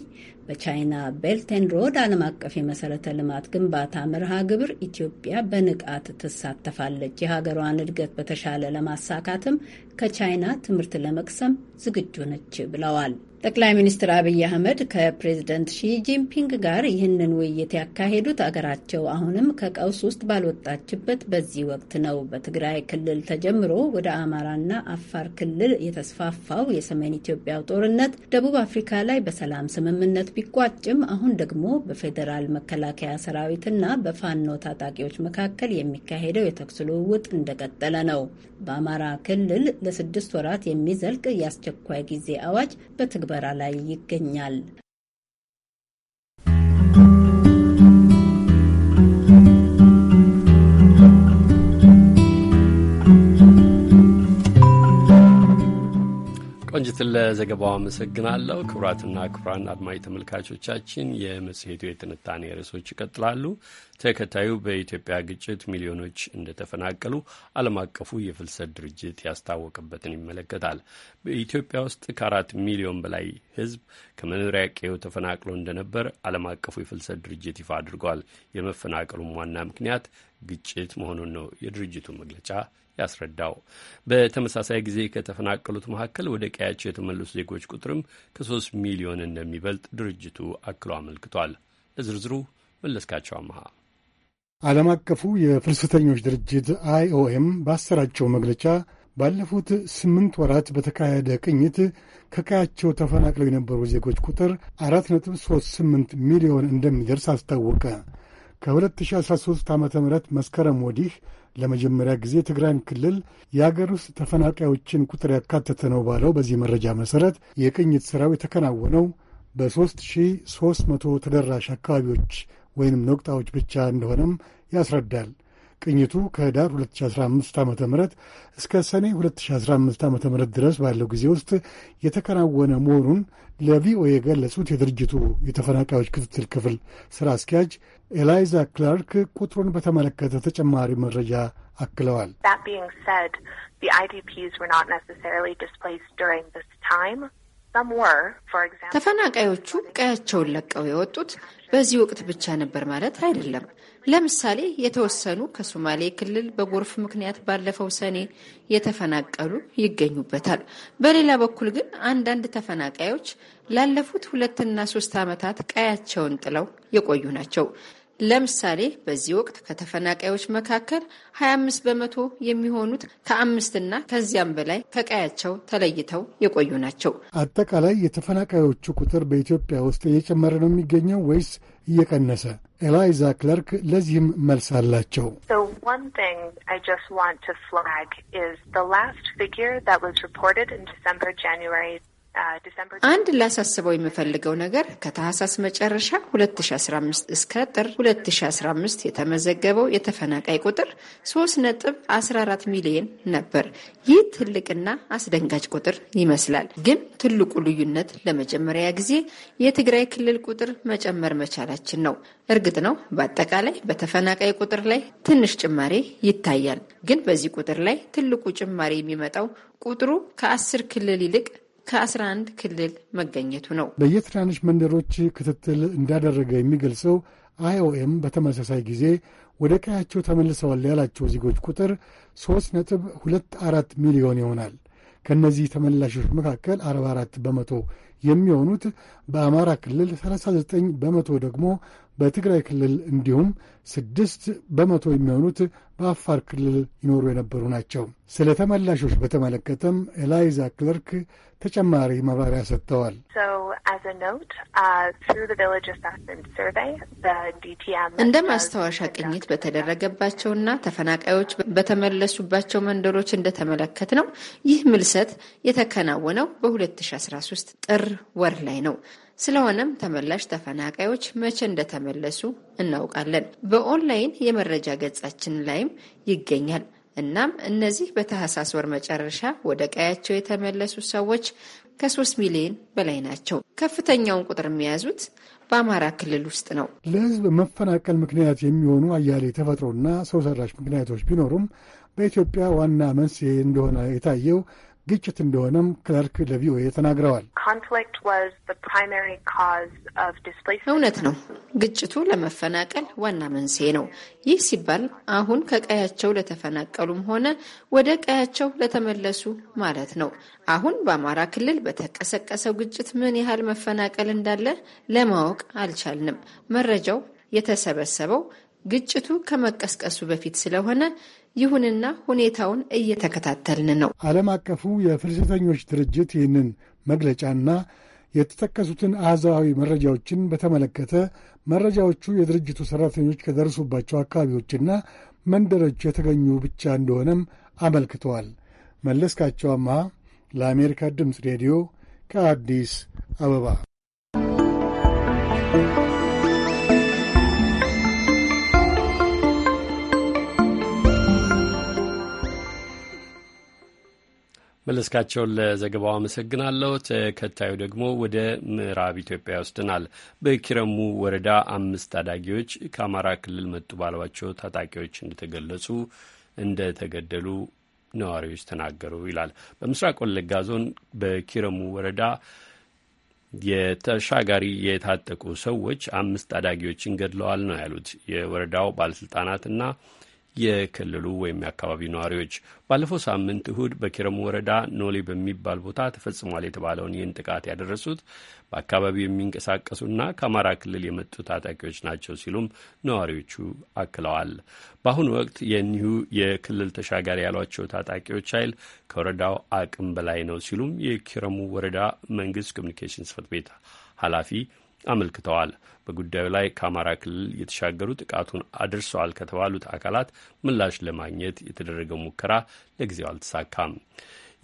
በቻይና ቤልቴን ሮድ ዓለም አቀፍ የመሰረተ ልማት ግንባታ መርሃ ግብር ኢትዮጵያ በንቃት ትሳተፋለች። የሀገሯን እድገት በተሻለ ለማሳካትም ከቻይና ትምህርት ለመቅሰም ዝግጁ ነች ብለዋል። ጠቅላይ ሚኒስትር አብይ አህመድ ከፕሬዝደንት ሺ ጂንፒንግ ጋር ይህንን ውይይት ያካሄዱት አገራቸው አሁንም ከቀውስ ውስጥ ባልወጣችበት በዚህ ወቅት ነው። በትግራይ ክልል ተጀምሮ ወደ አማራና አፋር ክልል የተስፋፋው የሰሜን ኢትዮጵያው ጦርነት ደቡብ አፍሪካ ላይ በሰላም ስምምነት ቢቋጭም አሁን ደግሞ በፌዴራል መከላከያ ሰራዊትና በፋኖ ታጣቂዎች መካከል የሚካሄደው የተኩስ ልውውጥ እንደቀጠለ ነው። በአማራ ክልል ለስድስት ወራት የሚዘልቅ የአስቸኳይ ጊዜ አዋጅ በትግበራ ላይ ይገኛል። ቆንጅትን ለዘገባው አመሰግናለሁ። ክቡራትና ክቡራን አድማጭ ተመልካቾቻችን የመጽሔቱ የትንታኔ ርዕሶች ይቀጥላሉ። ተከታዩ በኢትዮጵያ ግጭት ሚሊዮኖች እንደተፈናቀሉ ዓለም አቀፉ የፍልሰት ድርጅት ያስታወቅበትን ይመለከታል። በኢትዮጵያ ውስጥ ከአራት ሚሊዮን በላይ ሕዝብ ከመኖሪያ ቀዬው ተፈናቅሎ እንደነበር ዓለም አቀፉ የፍልሰት ድርጅት ይፋ አድርጓል። የመፈናቀሉም ዋና ምክንያት ግጭት መሆኑን ነው የድርጅቱ መግለጫ ያስረዳው። በተመሳሳይ ጊዜ ከተፈናቀሉት መካከል ወደ ቀያቸው የተመለሱ ዜጎች ቁጥርም ከሶስት ሚሊዮን እንደሚበልጥ ድርጅቱ አክሎ አመልክቷል። ለዝርዝሩ መለስካቸው አመሃ። ዓለም አቀፉ የፍልሰተኞች ድርጅት አይኦኤም ባሰራጨው መግለጫ ባለፉት ስምንት ወራት በተካሄደ ቅኝት ከቀያቸው ተፈናቅለው የነበሩ ዜጎች ቁጥር አራት ነጥብ ስምንት ሚሊዮን እንደሚደርስ አስታወቀ። ከ2013 ዓ ም መስከረም ወዲህ ለመጀመሪያ ጊዜ ትግራይን ክልል የአገር ውስጥ ተፈናቃዮችን ቁጥር ያካተተ ነው ባለው በዚህ መረጃ መሠረት የቅኝት ሥራው የተከናወነው በ3300 ተደራሽ አካባቢዎች ወይንም ነቁጣዎች ብቻ እንደሆነም ያስረዳል። ቅኝቱ ከህዳር 2015 ዓ ም እስከ ሰኔ 2015 ዓ ም ድረስ ባለው ጊዜ ውስጥ የተከናወነ መሆኑን ለቪኦኤ የገለጹት የድርጅቱ የተፈናቃዮች ክትትል ክፍል ሥራ አስኪያጅ ኤላይዛ ክላርክ ቁጥሩን በተመለከተ ተጨማሪ መረጃ አክለዋል። ተፈናቃዮቹ ቀያቸውን ለቀው የወጡት በዚህ ወቅት ብቻ ነበር ማለት አይደለም። ለምሳሌ የተወሰኑ ከሶማሌ ክልል በጎርፍ ምክንያት ባለፈው ሰኔ የተፈናቀሉ ይገኙበታል። በሌላ በኩል ግን አንዳንድ ተፈናቃዮች ላለፉት ሁለትና ሶስት ዓመታት ቀያቸውን ጥለው የቆዩ ናቸው። ለምሳሌ በዚህ ወቅት ከተፈናቃዮች መካከል 25 በመቶ የሚሆኑት ከአምስትና ከዚያም በላይ ከቀያቸው ተለይተው የቆዩ ናቸው። አጠቃላይ የተፈናቃዮቹ ቁጥር በኢትዮጵያ ውስጥ እየጨመረ ነው የሚገኘው ወይስ እየቀነሰ? ኤላይዛ ክለርክ ለዚህም መልስ አላቸው። አንድ ላሳስበው የምፈልገው ነገር ከታህሳስ መጨረሻ 2015 እስከ ጥር 2015 የተመዘገበው የተፈናቃይ ቁጥር 3.14 ሚሊዮን ነበር። ይህ ትልቅና አስደንጋጭ ቁጥር ይመስላል። ግን ትልቁ ልዩነት ለመጀመሪያ ጊዜ የትግራይ ክልል ቁጥር መጨመር መቻላችን ነው። እርግጥ ነው በአጠቃላይ በተፈናቃይ ቁጥር ላይ ትንሽ ጭማሬ ይታያል። ግን በዚህ ቁጥር ላይ ትልቁ ጭማሬ የሚመጣው ቁጥሩ ከአስር ክልል ይልቅ ከ11 ክልል መገኘቱ ነው። በየትናንሽ መንደሮች ክትትል እንዳደረገ የሚገልጸው አይኦኤም በተመሳሳይ ጊዜ ወደ ቀያቸው ተመልሰዋል ያላቸው ዜጎች ቁጥር 3.24 ሚሊዮን ይሆናል። ከእነዚህ ተመላሾች መካከል 44 በመቶ የሚሆኑት በአማራ ክልል፣ 39 በመቶ ደግሞ በትግራይ ክልል እንዲሁም 6 በመቶ የሚሆኑት በአፋር ክልል ይኖሩ የነበሩ ናቸው። ስለ ተመላሾች በተመለከተም ኤላይዛ ክለርክ ተጨማሪ ማብራሪያ ሰጥተዋል። uh, እንደ ማስታወሻ ቅኝት በተደረገባቸውና ተፈናቃዮች በተመለሱባቸው መንደሮች እንደተመለከት ነው ይህ ምልሰት የተከናወነው በ2013 ጥር ወር ላይ ነው። ስለሆነም ተመላሽ ተፈናቃዮች መቼ እንደተመለሱ እናውቃለን። በኦንላይን የመረጃ ገጻችን ላይም ይገኛል። እናም እነዚህ በታህሳስ ወር መጨረሻ ወደ ቀያቸው የተመለሱ ሰዎች ከሶስት ሚሊዮን በላይ ናቸው። ከፍተኛውን ቁጥር የሚያዙት በአማራ ክልል ውስጥ ነው። ለህዝብ መፈናቀል ምክንያት የሚሆኑ አያሌ ተፈጥሮና ሰው ሰራሽ ምክንያቶች ቢኖሩም በኢትዮጵያ ዋና መንስኤ እንደሆነ የታየው ግጭት እንደሆነም ክለርክ ለቪኦኤ ተናግረዋል። እውነት ነው። ግጭቱ ለመፈናቀል ዋና መንስኤ ነው። ይህ ሲባል አሁን ከቀያቸው ለተፈናቀሉም ሆነ ወደ ቀያቸው ለተመለሱ ማለት ነው። አሁን በአማራ ክልል በተቀሰቀሰው ግጭት ምን ያህል መፈናቀል እንዳለ ለማወቅ አልቻልንም። መረጃው የተሰበሰበው ግጭቱ ከመቀስቀሱ በፊት ስለሆነ ይሁንና ሁኔታውን እየተከታተልን ነው። ዓለም አቀፉ የፍልሰተኞች ድርጅት ይህንን መግለጫና የተጠቀሱትን አሃዛዊ መረጃዎችን በተመለከተ መረጃዎቹ የድርጅቱ ሠራተኞች ከደረሱባቸው አካባቢዎችና መንደሮች የተገኙ ብቻ እንደሆነም አመልክተዋል። መለስካቸው አምሃ ለአሜሪካ ድምፅ ሬዲዮ ከአዲስ አበባ መለስካቸውን ለዘገባው አመሰግናለሁ። ተከታዩ ደግሞ ወደ ምዕራብ ኢትዮጵያ ውስጥናል በኪረሙ ወረዳ አምስት ታዳጊዎች ከአማራ ክልል መጡ ባሏቸው ታጣቂዎች እንደተገለጹ እንደተገደሉ ነዋሪዎች ተናገሩ ይላል። በምስራቅ ወለጋ ዞን በኪረሙ ወረዳ የተሻጋሪ የታጠቁ ሰዎች አምስት ታዳጊዎችን ገድለዋል ነው ያሉት የወረዳው ባለስልጣናትና የክልሉ ወይም የአካባቢው ነዋሪዎች ባለፈው ሳምንት እሁድ በኪረሙ ወረዳ ኖሌ በሚባል ቦታ ተፈጽሟል የተባለውን ይህን ጥቃት ያደረሱት በአካባቢው የሚንቀሳቀሱና ከአማራ ክልል የመጡ ታጣቂዎች ናቸው ሲሉም ነዋሪዎቹ አክለዋል። በአሁኑ ወቅት የኒሁ የክልል ተሻጋሪ ያሏቸው ታጣቂዎች ኃይል ከወረዳው አቅም በላይ ነው ሲሉም የኪረሙ ወረዳ መንግስት ኮሚኒኬሽን ጽህፈት ቤት ኃላፊ አመልክተዋል። በጉዳዩ ላይ ከአማራ ክልል የተሻገሩ ጥቃቱን አድርሰዋል ከተባሉት አካላት ምላሽ ለማግኘት የተደረገው ሙከራ ለጊዜው አልተሳካም።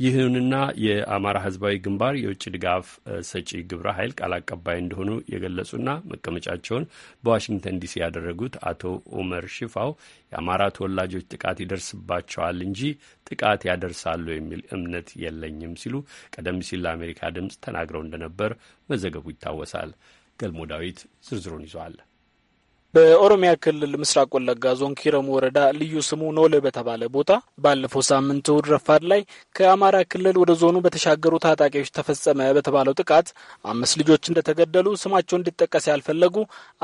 ይህንና የአማራ ሕዝባዊ ግንባር የውጭ ድጋፍ ሰጪ ግብረ ኃይል ቃል አቀባይ እንደሆኑ የገለጹና መቀመጫቸውን በዋሽንግተን ዲሲ ያደረጉት አቶ ኦመር ሽፋው የአማራ ተወላጆች ጥቃት ይደርስባቸዋል እንጂ ጥቃት ያደርሳሉ የሚል እምነት የለኝም ሲሉ ቀደም ሲል ለአሜሪካ ድምፅ ተናግረው እንደነበር መዘገቡ ይታወሳል። ገልሞ ዳዊት ዝርዝሩን ይዟል። በኦሮሚያ ክልል ምስራቅ ወለጋ ዞን ኪረሙ ወረዳ ልዩ ስሙ ኖለ በተባለ ቦታ ባለፈው ሳምንት እሁድ ረፋድ ላይ ከአማራ ክልል ወደ ዞኑ በተሻገሩ ታጣቂዎች ተፈጸመ በተባለው ጥቃት አምስት ልጆች እንደተገደሉ ስማቸው እንዲጠቀስ ያልፈለጉ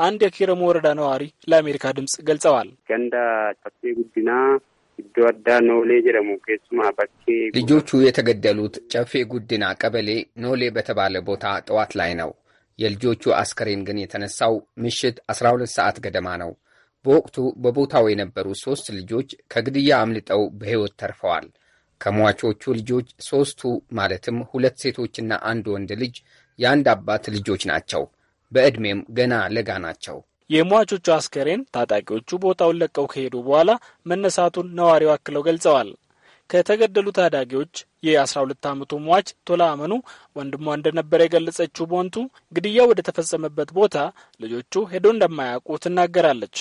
አንድ የኪረሙ ወረዳ ነዋሪ ለአሜሪካ ድምጽ ገልጸዋል። ገንዳ ጉዲና ኖሌ ባኬ ልጆቹ የተገደሉት ጨፌ ጉዲና ቀበሌ ኖሌ በተባለ ቦታ ጠዋት ላይ ነው። የልጆቹ አስከሬን ግን የተነሳው ምሽት 12 ሰዓት ገደማ ነው። በወቅቱ በቦታው የነበሩ ሦስት ልጆች ከግድያ አምልጠው በሕይወት ተርፈዋል። ከሟቾቹ ልጆች ሦስቱ ማለትም ሁለት ሴቶችና አንድ ወንድ ልጅ የአንድ አባት ልጆች ናቸው። በዕድሜም ገና ለጋ ናቸው። የሟቾቹ አስከሬን ታጣቂዎቹ ቦታውን ለቀው ከሄዱ በኋላ መነሳቱን ነዋሪው አክለው ገልጸዋል። ከተገደሉ ታዳጊዎች የ12 ዓመቱ ሟች ቶላ አመኑ ወንድሟ እንደነበረ የገለጸችው ቦንቱ ግድያ ወደ ተፈጸመበት ቦታ ልጆቹ ሄዶ እንደማያውቁ ትናገራለች።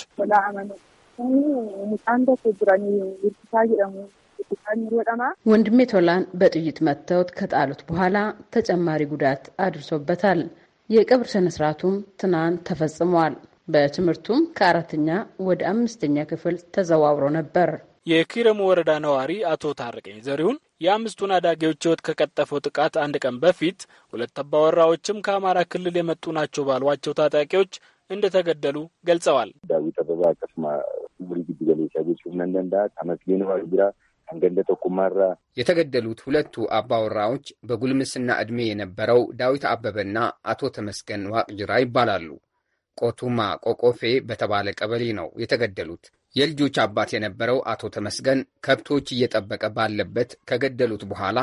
ወንድሜ ቶላን በጥይት መትተውት ከጣሉት በኋላ ተጨማሪ ጉዳት አድርሶበታል። የቀብር ስነ ስርዓቱም ትናንት ተፈጽሟል። በትምህርቱም ከአራተኛ ወደ አምስተኛ ክፍል ተዘዋውሮ ነበር። የኪረሙ ወረዳ ነዋሪ አቶ ታርቀኝ ዘሪሁን የአምስቱን አዳጊዎች ሕይወት ከቀጠፈው ጥቃት አንድ ቀን በፊት ሁለት አባወራዎችም ከአማራ ክልል የመጡ ናቸው ባሏቸው ታጣቂዎች እንደተገደሉ ገልጸዋል። ቀስማ የተገደሉት ሁለቱ አባወራዎች በጉልምስና ዕድሜ የነበረው ዳዊት አበበና አቶ ተመስገን ዋቅጅራ ይባላሉ። ቆቱማ ቆቆፌ በተባለ ቀበሌ ነው የተገደሉት። የልጆች አባት የነበረው አቶ ተመስገን ከብቶች እየጠበቀ ባለበት ከገደሉት በኋላ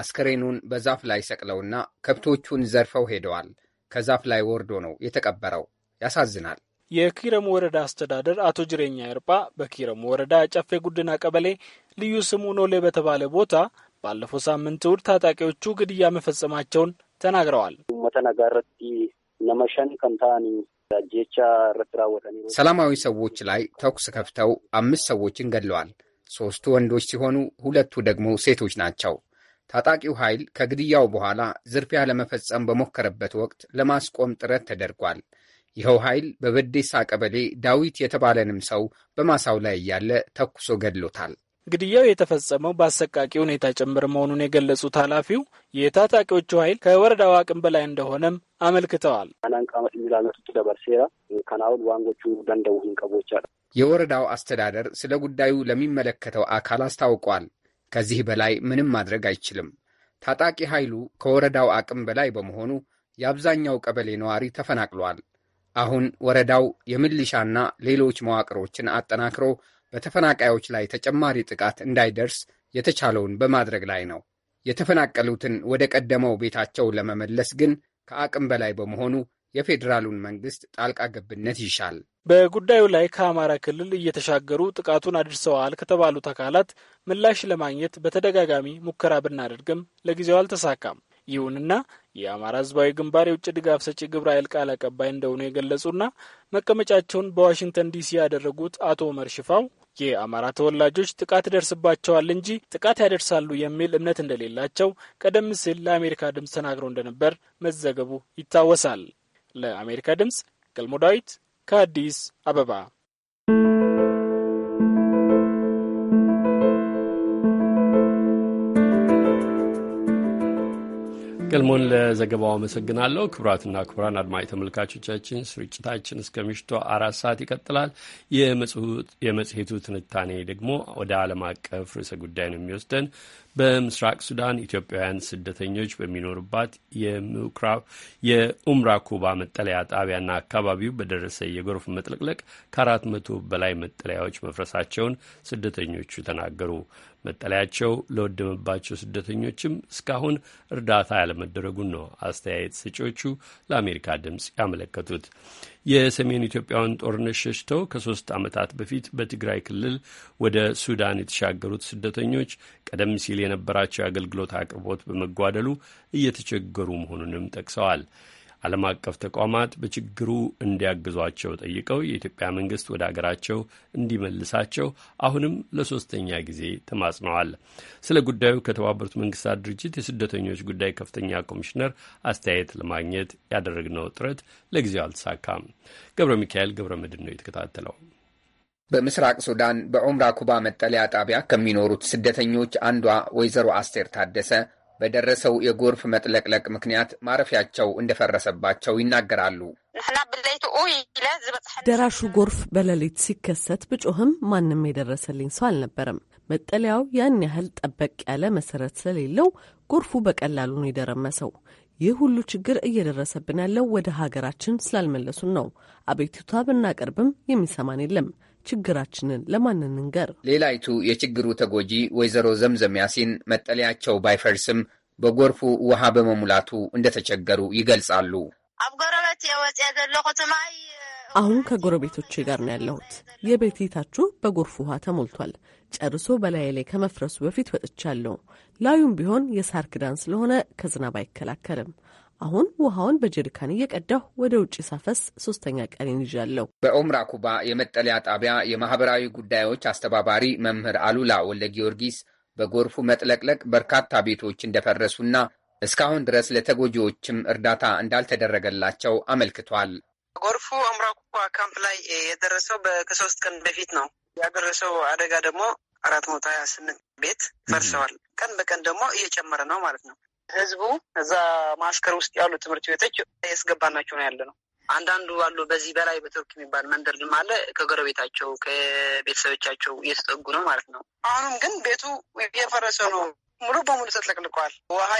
አስከሬኑን በዛፍ ላይ ሰቅለውና ከብቶቹን ዘርፈው ሄደዋል። ከዛፍ ላይ ወርዶ ነው የተቀበረው። ያሳዝናል። የኪረሙ ወረዳ አስተዳደር አቶ ጅሬኛ ይርጳ በኪረሙ ወረዳ ጨፌ ጉድና ቀበሌ ልዩ ስሙ ኖሌ በተባለ ቦታ ባለፈው ሳምንት እሁድ ታጣቂዎቹ ግድያ መፈጸማቸውን ተናግረዋል። መተነጋረቲ ነመሸን ከምታኒ ሰላማዊ ሰዎች ላይ ተኩስ ከፍተው አምስት ሰዎችን ገድለዋል። ሦስቱ ወንዶች ሲሆኑ ሁለቱ ደግሞ ሴቶች ናቸው። ታጣቂው ኃይል ከግድያው በኋላ ዝርፊያ ለመፈጸም በሞከረበት ወቅት ለማስቆም ጥረት ተደርጓል። ይኸው ኃይል በበዴሳ ቀበሌ ዳዊት የተባለንም ሰው በማሳው ላይ እያለ ተኩሶ ገድሎታል። ግድያው የተፈጸመው በአሰቃቂ ሁኔታ ጭምር መሆኑን የገለጹት ኃላፊው የታጣቂዎቹ ኃይል ከወረዳው አቅም በላይ እንደሆነም አመልክተዋል። የወረዳው አስተዳደር ስለ ጉዳዩ ለሚመለከተው አካል አስታውቋል። ከዚህ በላይ ምንም ማድረግ አይችልም። ታጣቂ ኃይሉ ከወረዳው አቅም በላይ በመሆኑ የአብዛኛው ቀበሌ ነዋሪ ተፈናቅሏል። አሁን ወረዳው የምልሻና ሌሎች መዋቅሮችን አጠናክሮ በተፈናቃዮች ላይ ተጨማሪ ጥቃት እንዳይደርስ የተቻለውን በማድረግ ላይ ነው። የተፈናቀሉትን ወደ ቀደመው ቤታቸው ለመመለስ ግን ከአቅም በላይ በመሆኑ የፌዴራሉን መንግስት ጣልቃ ገብነት ይሻል። በጉዳዩ ላይ ከአማራ ክልል እየተሻገሩ ጥቃቱን አድርሰዋል ከተባሉት አካላት ምላሽ ለማግኘት በተደጋጋሚ ሙከራ ብናደርግም ለጊዜው አልተሳካም። ይሁንና የአማራ ህዝባዊ ግንባር የውጭ ድጋፍ ሰጪ ግብረ ኃይል ቃል አቀባይ እንደሆኑ የገለጹና መቀመጫቸውን በዋሽንግተን ዲሲ ያደረጉት አቶ ኦመር ሽፋው የአማራ ተወላጆች ጥቃት ይደርስባቸዋል እንጂ ጥቃት ያደርሳሉ የሚል እምነት እንደሌላቸው ቀደም ሲል ለአሜሪካ ድምፅ ተናግረው እንደነበር መዘገቡ ይታወሳል። ለአሜሪካ ድምፅ ገልሞ ዳዊት ከአዲስ አበባ ገልሞን ለዘገባው አመሰግናለሁ። ክቡራትና ክቡራን አድማጭ ተመልካቾቻችን ስርጭታችን እስከ ምሽቱ አራት ሰዓት ይቀጥላል። የመጽሔቱ ትንታኔ ደግሞ ወደ ዓለም አቀፍ ርዕሰ ጉዳይ ነው የሚወስደን። በምስራቅ ሱዳን ኢትዮጵያውያን ስደተኞች በሚኖሩባት የምኩራብ የኡምራ ኩባ መጠለያ ጣቢያና አካባቢው በደረሰ የጎርፍ መጥለቅለቅ ከአራት መቶ በላይ መጠለያዎች መፍረሳቸውን ስደተኞቹ ተናገሩ። መጠለያቸው ለወደመባቸው ስደተኞችም እስካሁን እርዳታ ያለመደረጉን ነው አስተያየት ሰጪዎቹ ለአሜሪካ ድምፅ ያመለከቱት። የሰሜን ኢትዮጵያውን ጦርነት ሸሽተው ከሶስት ዓመታት በፊት በትግራይ ክልል ወደ ሱዳን የተሻገሩት ስደተኞች ቀደም ሲል የነበራቸው የአገልግሎት አቅርቦት በመጓደሉ እየተቸገሩ መሆኑንም ጠቅሰዋል። ዓለም አቀፍ ተቋማት በችግሩ እንዲያግዟቸው ጠይቀው የኢትዮጵያ መንግስት ወደ አገራቸው እንዲመልሳቸው አሁንም ለሶስተኛ ጊዜ ተማጽነዋል። ስለ ጉዳዩ ከተባበሩት መንግስታት ድርጅት የስደተኞች ጉዳይ ከፍተኛ ኮሚሽነር አስተያየት ለማግኘት ያደረግነው ጥረት ለጊዜው አልተሳካም። ገብረ ሚካኤል ገብረ ምድን ነው የተከታተለው። በምስራቅ ሱዳን በዑምራ ኩባ መጠለያ ጣቢያ ከሚኖሩት ስደተኞች አንዷ ወይዘሮ አስቴር ታደሰ በደረሰው የጎርፍ መጥለቅለቅ ምክንያት ማረፊያቸው እንደፈረሰባቸው ይናገራሉ። ደራሹ ጎርፍ በሌሊት ሲከሰት ብጮህም ማንም የደረሰልኝ ሰው አልነበረም። መጠለያው ያን ያህል ጠበቅ ያለ መሰረት ስለሌለው ጎርፉ በቀላሉ ነው የደረመሰው። ይህ ሁሉ ችግር እየደረሰብን ያለው ወደ ሀገራችን ስላልመለሱን ነው። አቤቱታ ብናቀርብም የሚሰማን የለም። ችግራችንን ለማን እንገር? ሌላይቱ የችግሩ ተጎጂ ወይዘሮ ዘምዘም ያሲን መጠለያቸው ባይፈርስም በጎርፉ ውሃ በመሙላቱ እንደተቸገሩ ይገልጻሉ። አሁን ከጎረቤቶቼ ጋር ነው ያለሁት። የቤት ቤታችሁ በጎርፍ ውሃ ተሞልቷል። ጨርሶ በላይ ላይ ከመፍረሱ በፊት ወጥቻለሁ። ላዩም ቢሆን የሳር ክዳን ስለሆነ ከዝናብ አይከላከልም። አሁን ውሃውን በጀሪካን እየቀዳሁ ወደ ውጭ ሳፈስ ሶስተኛ ቀኔን ይዣለሁ። በኦምራ ኩባ የመጠለያ ጣቢያ የማህበራዊ ጉዳዮች አስተባባሪ መምህር አሉላ ወለ ጊዮርጊስ በጎርፉ መጥለቅለቅ በርካታ ቤቶች እንደፈረሱና እስካሁን ድረስ ለተጎጂዎችም እርዳታ እንዳልተደረገላቸው አመልክቷል። ጎርፉ ኦምራ ኩባ ካምፕ ላይ የደረሰው ከሶስት ቀን በፊት ነው። ያደረሰው አደጋ ደግሞ አራት መቶ ሀያ ስምንት ቤት ፈርሰዋል። ቀን በቀን ደግሞ እየጨመረ ነው ማለት ነው። ህዝቡ እዛ ማሽከር ውስጥ ያሉ ትምህርት ቤቶች ያስገባናቸው ነው ያለ ነው። አንዳንዱ አሉ በዚህ በላይ በቱርክ የሚባል መንደር ድማ አለ። ከጎረቤታቸው ከቤተሰቦቻቸው እየተጠጉ ነው ማለት ነው። አሁንም ግን ቤቱ እየፈረሰ ነው። ሙሉ በሙሉ ተጥለቅልቀዋል። ውሃ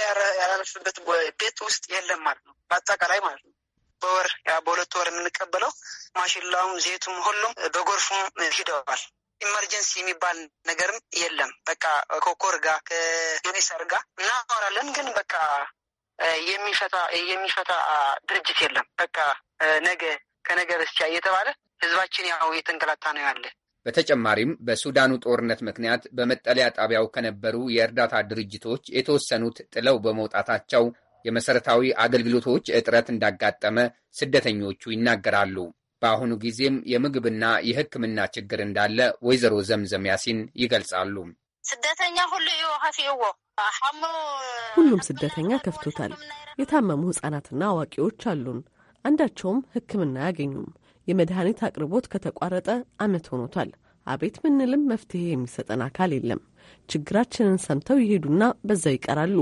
ያላለፍበት ቤት ውስጥ የለም ማለት ነው። በአጠቃላይ ማለት ነው በወር በሁለት ወር የምንቀበለው ማሽላውም፣ ዘይቱም ሁሉም በጎርፉም ሂደዋል። ኢመርጀንሲ የሚባል ነገርም የለም። በቃ ኮኮር ጋ ከዩኒሰር ጋ እናወራለን፣ ግን በቃ የሚፈታ የሚፈታ ድርጅት የለም። በቃ ነገ ከነገ በስቲያ እየተባለ ህዝባችን ያው የተንገላታ ነው ያለ። በተጨማሪም በሱዳኑ ጦርነት ምክንያት በመጠለያ ጣቢያው ከነበሩ የእርዳታ ድርጅቶች የተወሰኑት ጥለው በመውጣታቸው የመሰረታዊ አገልግሎቶች እጥረት እንዳጋጠመ ስደተኞቹ ይናገራሉ። በአሁኑ ጊዜም የምግብና የሕክምና ችግር እንዳለ ወይዘሮ ዘምዘም ያሲን ይገልጻሉ። ስደተኛ ሁሉ ሁሉም ስደተኛ ከፍቶታል። የታመሙ ህጻናትና አዋቂዎች አሉን። አንዳቸውም ሕክምና አያገኙም። የመድኃኒት አቅርቦት ከተቋረጠ ዓመት ሆኖታል። አቤት ብንልም መፍትሄ የሚሰጠን አካል የለም። ችግራችንን ሰምተው ይሄዱና በዛው ይቀራሉ።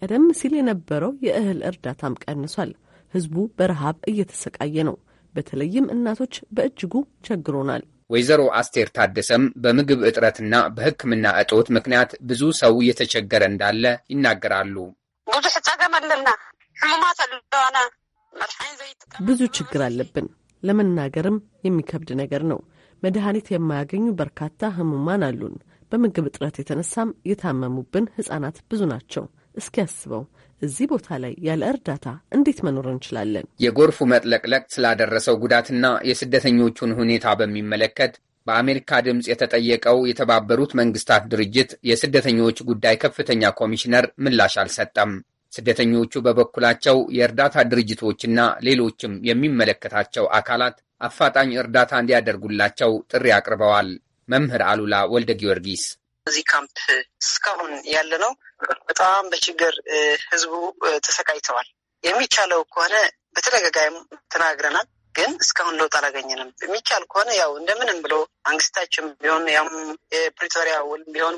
ቀደም ሲል የነበረው የእህል እርዳታም ቀንሷል። ህዝቡ በረሃብ እየተሰቃየ ነው። በተለይም እናቶች በእጅጉ ቸግሮናል። ወይዘሮ አስቴር ታደሰም በምግብ እጥረትና በሕክምና እጦት ምክንያት ብዙ ሰው እየተቸገረ እንዳለ ይናገራሉ። ብዙ ችግር አለብን። ለመናገርም የሚከብድ ነገር ነው። መድኃኒት የማያገኙ በርካታ ህሙማን አሉን። በምግብ እጥረት የተነሳም የታመሙብን ህጻናት ብዙ ናቸው። እስኪ ያስበው እዚህ ቦታ ላይ ያለ እርዳታ እንዴት መኖር እንችላለን? የጎርፉ መጥለቅለቅ ስላደረሰው ጉዳትና የስደተኞቹን ሁኔታ በሚመለከት በአሜሪካ ድምፅ የተጠየቀው የተባበሩት መንግስታት ድርጅት የስደተኞች ጉዳይ ከፍተኛ ኮሚሽነር ምላሽ አልሰጠም። ስደተኞቹ በበኩላቸው የእርዳታ ድርጅቶችና ሌሎችም የሚመለከታቸው አካላት አፋጣኝ እርዳታ እንዲያደርጉላቸው ጥሪ አቅርበዋል። መምህር አሉላ ወልደ ጊዮርጊስ እዚህ ካምፕ እስካሁን ያለ ነው በጣም በችግር ህዝቡ ተሰቃይተዋል። የሚቻለው ከሆነ በተደጋጋሚ ተናግረናል፣ ግን እስካሁን ለውጥ አላገኘንም። የሚቻል ከሆነ ያው እንደምንም ብሎ መንግስታችን ቢሆን ያም የፕሪቶሪያ ውል ቢሆን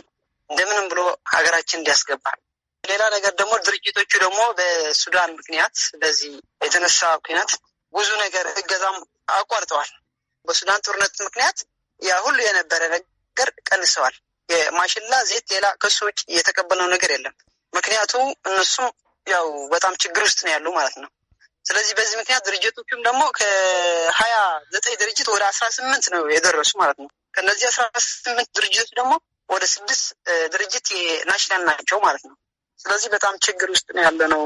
እንደምንም ብሎ ሀገራችን እንዲያስገባ ሌላ ነገር ደግሞ ድርጅቶቹ ደግሞ በሱዳን ምክንያት በዚህ የተነሳ ምክንያት ብዙ ነገር እገዛም አቋርጠዋል። በሱዳን ጦርነት ምክንያት ያ ሁሉ የነበረ ነገር ቀንሰዋል። የማሽላ ዘይት፣ ሌላ ከሱ ውጭ የተቀበልነው ነገር የለም። ምክንያቱ እነሱ ያው በጣም ችግር ውስጥ ነው ያሉ ማለት ነው። ስለዚህ በዚህ ምክንያት ድርጅቶቹም ደግሞ ከሀያ ዘጠኝ ድርጅት ወደ አስራ ስምንት ነው የደረሱ ማለት ነው። ከነዚህ አስራ ስምንት ድርጅቶች ደግሞ ወደ ስድስት ድርጅት የናሽናል ናቸው ማለት ነው። ስለዚህ በጣም ችግር ውስጥ ነው ያለ ነው።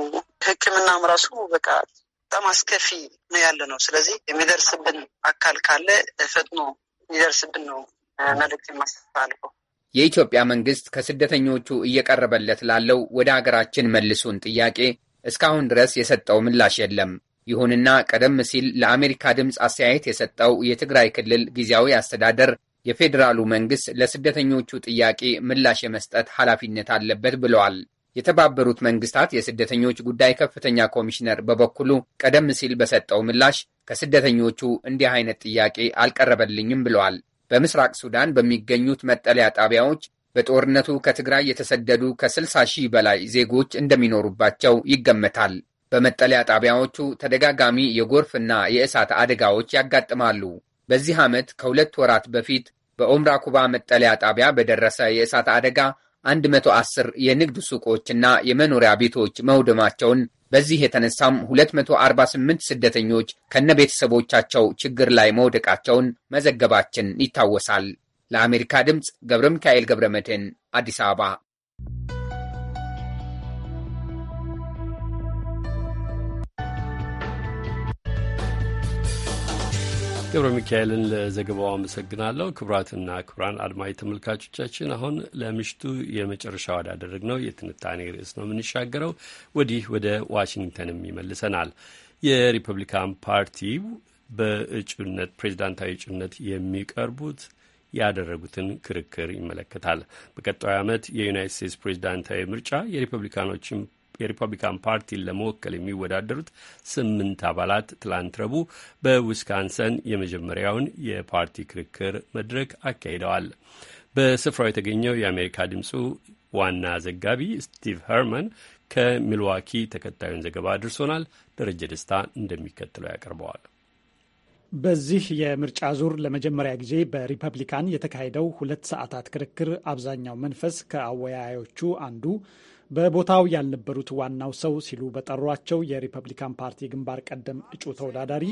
ሕክምናም ራሱ በቃ በጣም አስከፊ ነው ያለ ነው። ስለዚህ የሚደርስብን አካል ካለ ፈጥኖ የሚደርስብን ነው መልዕክት የማስተላልፈው። የኢትዮጵያ መንግስት ከስደተኞቹ እየቀረበለት ላለው ወደ አገራችን መልሱን ጥያቄ እስካሁን ድረስ የሰጠው ምላሽ የለም። ይሁንና ቀደም ሲል ለአሜሪካ ድምፅ አስተያየት የሰጠው የትግራይ ክልል ጊዜያዊ አስተዳደር የፌዴራሉ መንግስት ለስደተኞቹ ጥያቄ ምላሽ የመስጠት ኃላፊነት አለበት ብለዋል። የተባበሩት መንግስታት የስደተኞች ጉዳይ ከፍተኛ ኮሚሽነር በበኩሉ ቀደም ሲል በሰጠው ምላሽ ከስደተኞቹ እንዲህ አይነት ጥያቄ አልቀረበልኝም ብለዋል። በምስራቅ ሱዳን በሚገኙት መጠለያ ጣቢያዎች በጦርነቱ ከትግራይ የተሰደዱ ከ60 ሺህ በላይ ዜጎች እንደሚኖሩባቸው ይገመታል። በመጠለያ ጣቢያዎቹ ተደጋጋሚ የጎርፍና የእሳት አደጋዎች ያጋጥማሉ። በዚህ ዓመት ከሁለት ወራት በፊት በኦምራ ኩባ መጠለያ ጣቢያ በደረሰ የእሳት አደጋ 110 የንግድ ሱቆችና የመኖሪያ ቤቶች መውደማቸውን በዚህ የተነሳም 248 ስደተኞች ከነቤተሰቦቻቸው ችግር ላይ መውደቃቸውን መዘገባችን ይታወሳል። ለአሜሪካ ድምፅ ገብረ ሚካኤል ገብረ መድህን አዲስ አበባ ገብረ ሚካኤልን ለዘገባው አመሰግናለሁ። ክቡራትና ክቡራን አድማጭ ተመልካቾቻችን አሁን ለምሽቱ የመጨረሻ ነው የትንታኔ ርዕስ ነው የምንሻገረው። ወዲህ ወደ ዋሽንግተንም ይመልሰናል። የሪፐብሊካን ፓርቲ በእጩነት ፕሬዚዳንታዊ እጩነት የሚቀርቡት ያደረጉትን ክርክር ይመለከታል። በቀጣዩ ዓመት የዩናይት ስቴትስ ፕሬዚዳንታዊ ምርጫ የሪፐብሊካኖችን የሪፐብሊካን ፓርቲን ለመወከል የሚወዳደሩት ስምንት አባላት ትላንት ረቡዕ በዊስካንሰን የመጀመሪያውን የፓርቲ ክርክር መድረክ አካሂደዋል። በስፍራው የተገኘው የአሜሪካ ድምፁ ዋና ዘጋቢ ስቲቭ ሄርመን ከሚልዋኪ ተከታዩን ዘገባ አድርሶናል። ደረጀ ደስታ እንደሚከተለው ያቀርበዋል። በዚህ የምርጫ ዙር ለመጀመሪያ ጊዜ በሪፐብሊካን የተካሄደው ሁለት ሰዓታት ክርክር አብዛኛው መንፈስ ከአወያዮቹ አንዱ በቦታው ያልነበሩት ዋናው ሰው ሲሉ በጠሯቸው የሪፐብሊካን ፓርቲ ግንባር ቀደም እጩ ተወዳዳሪ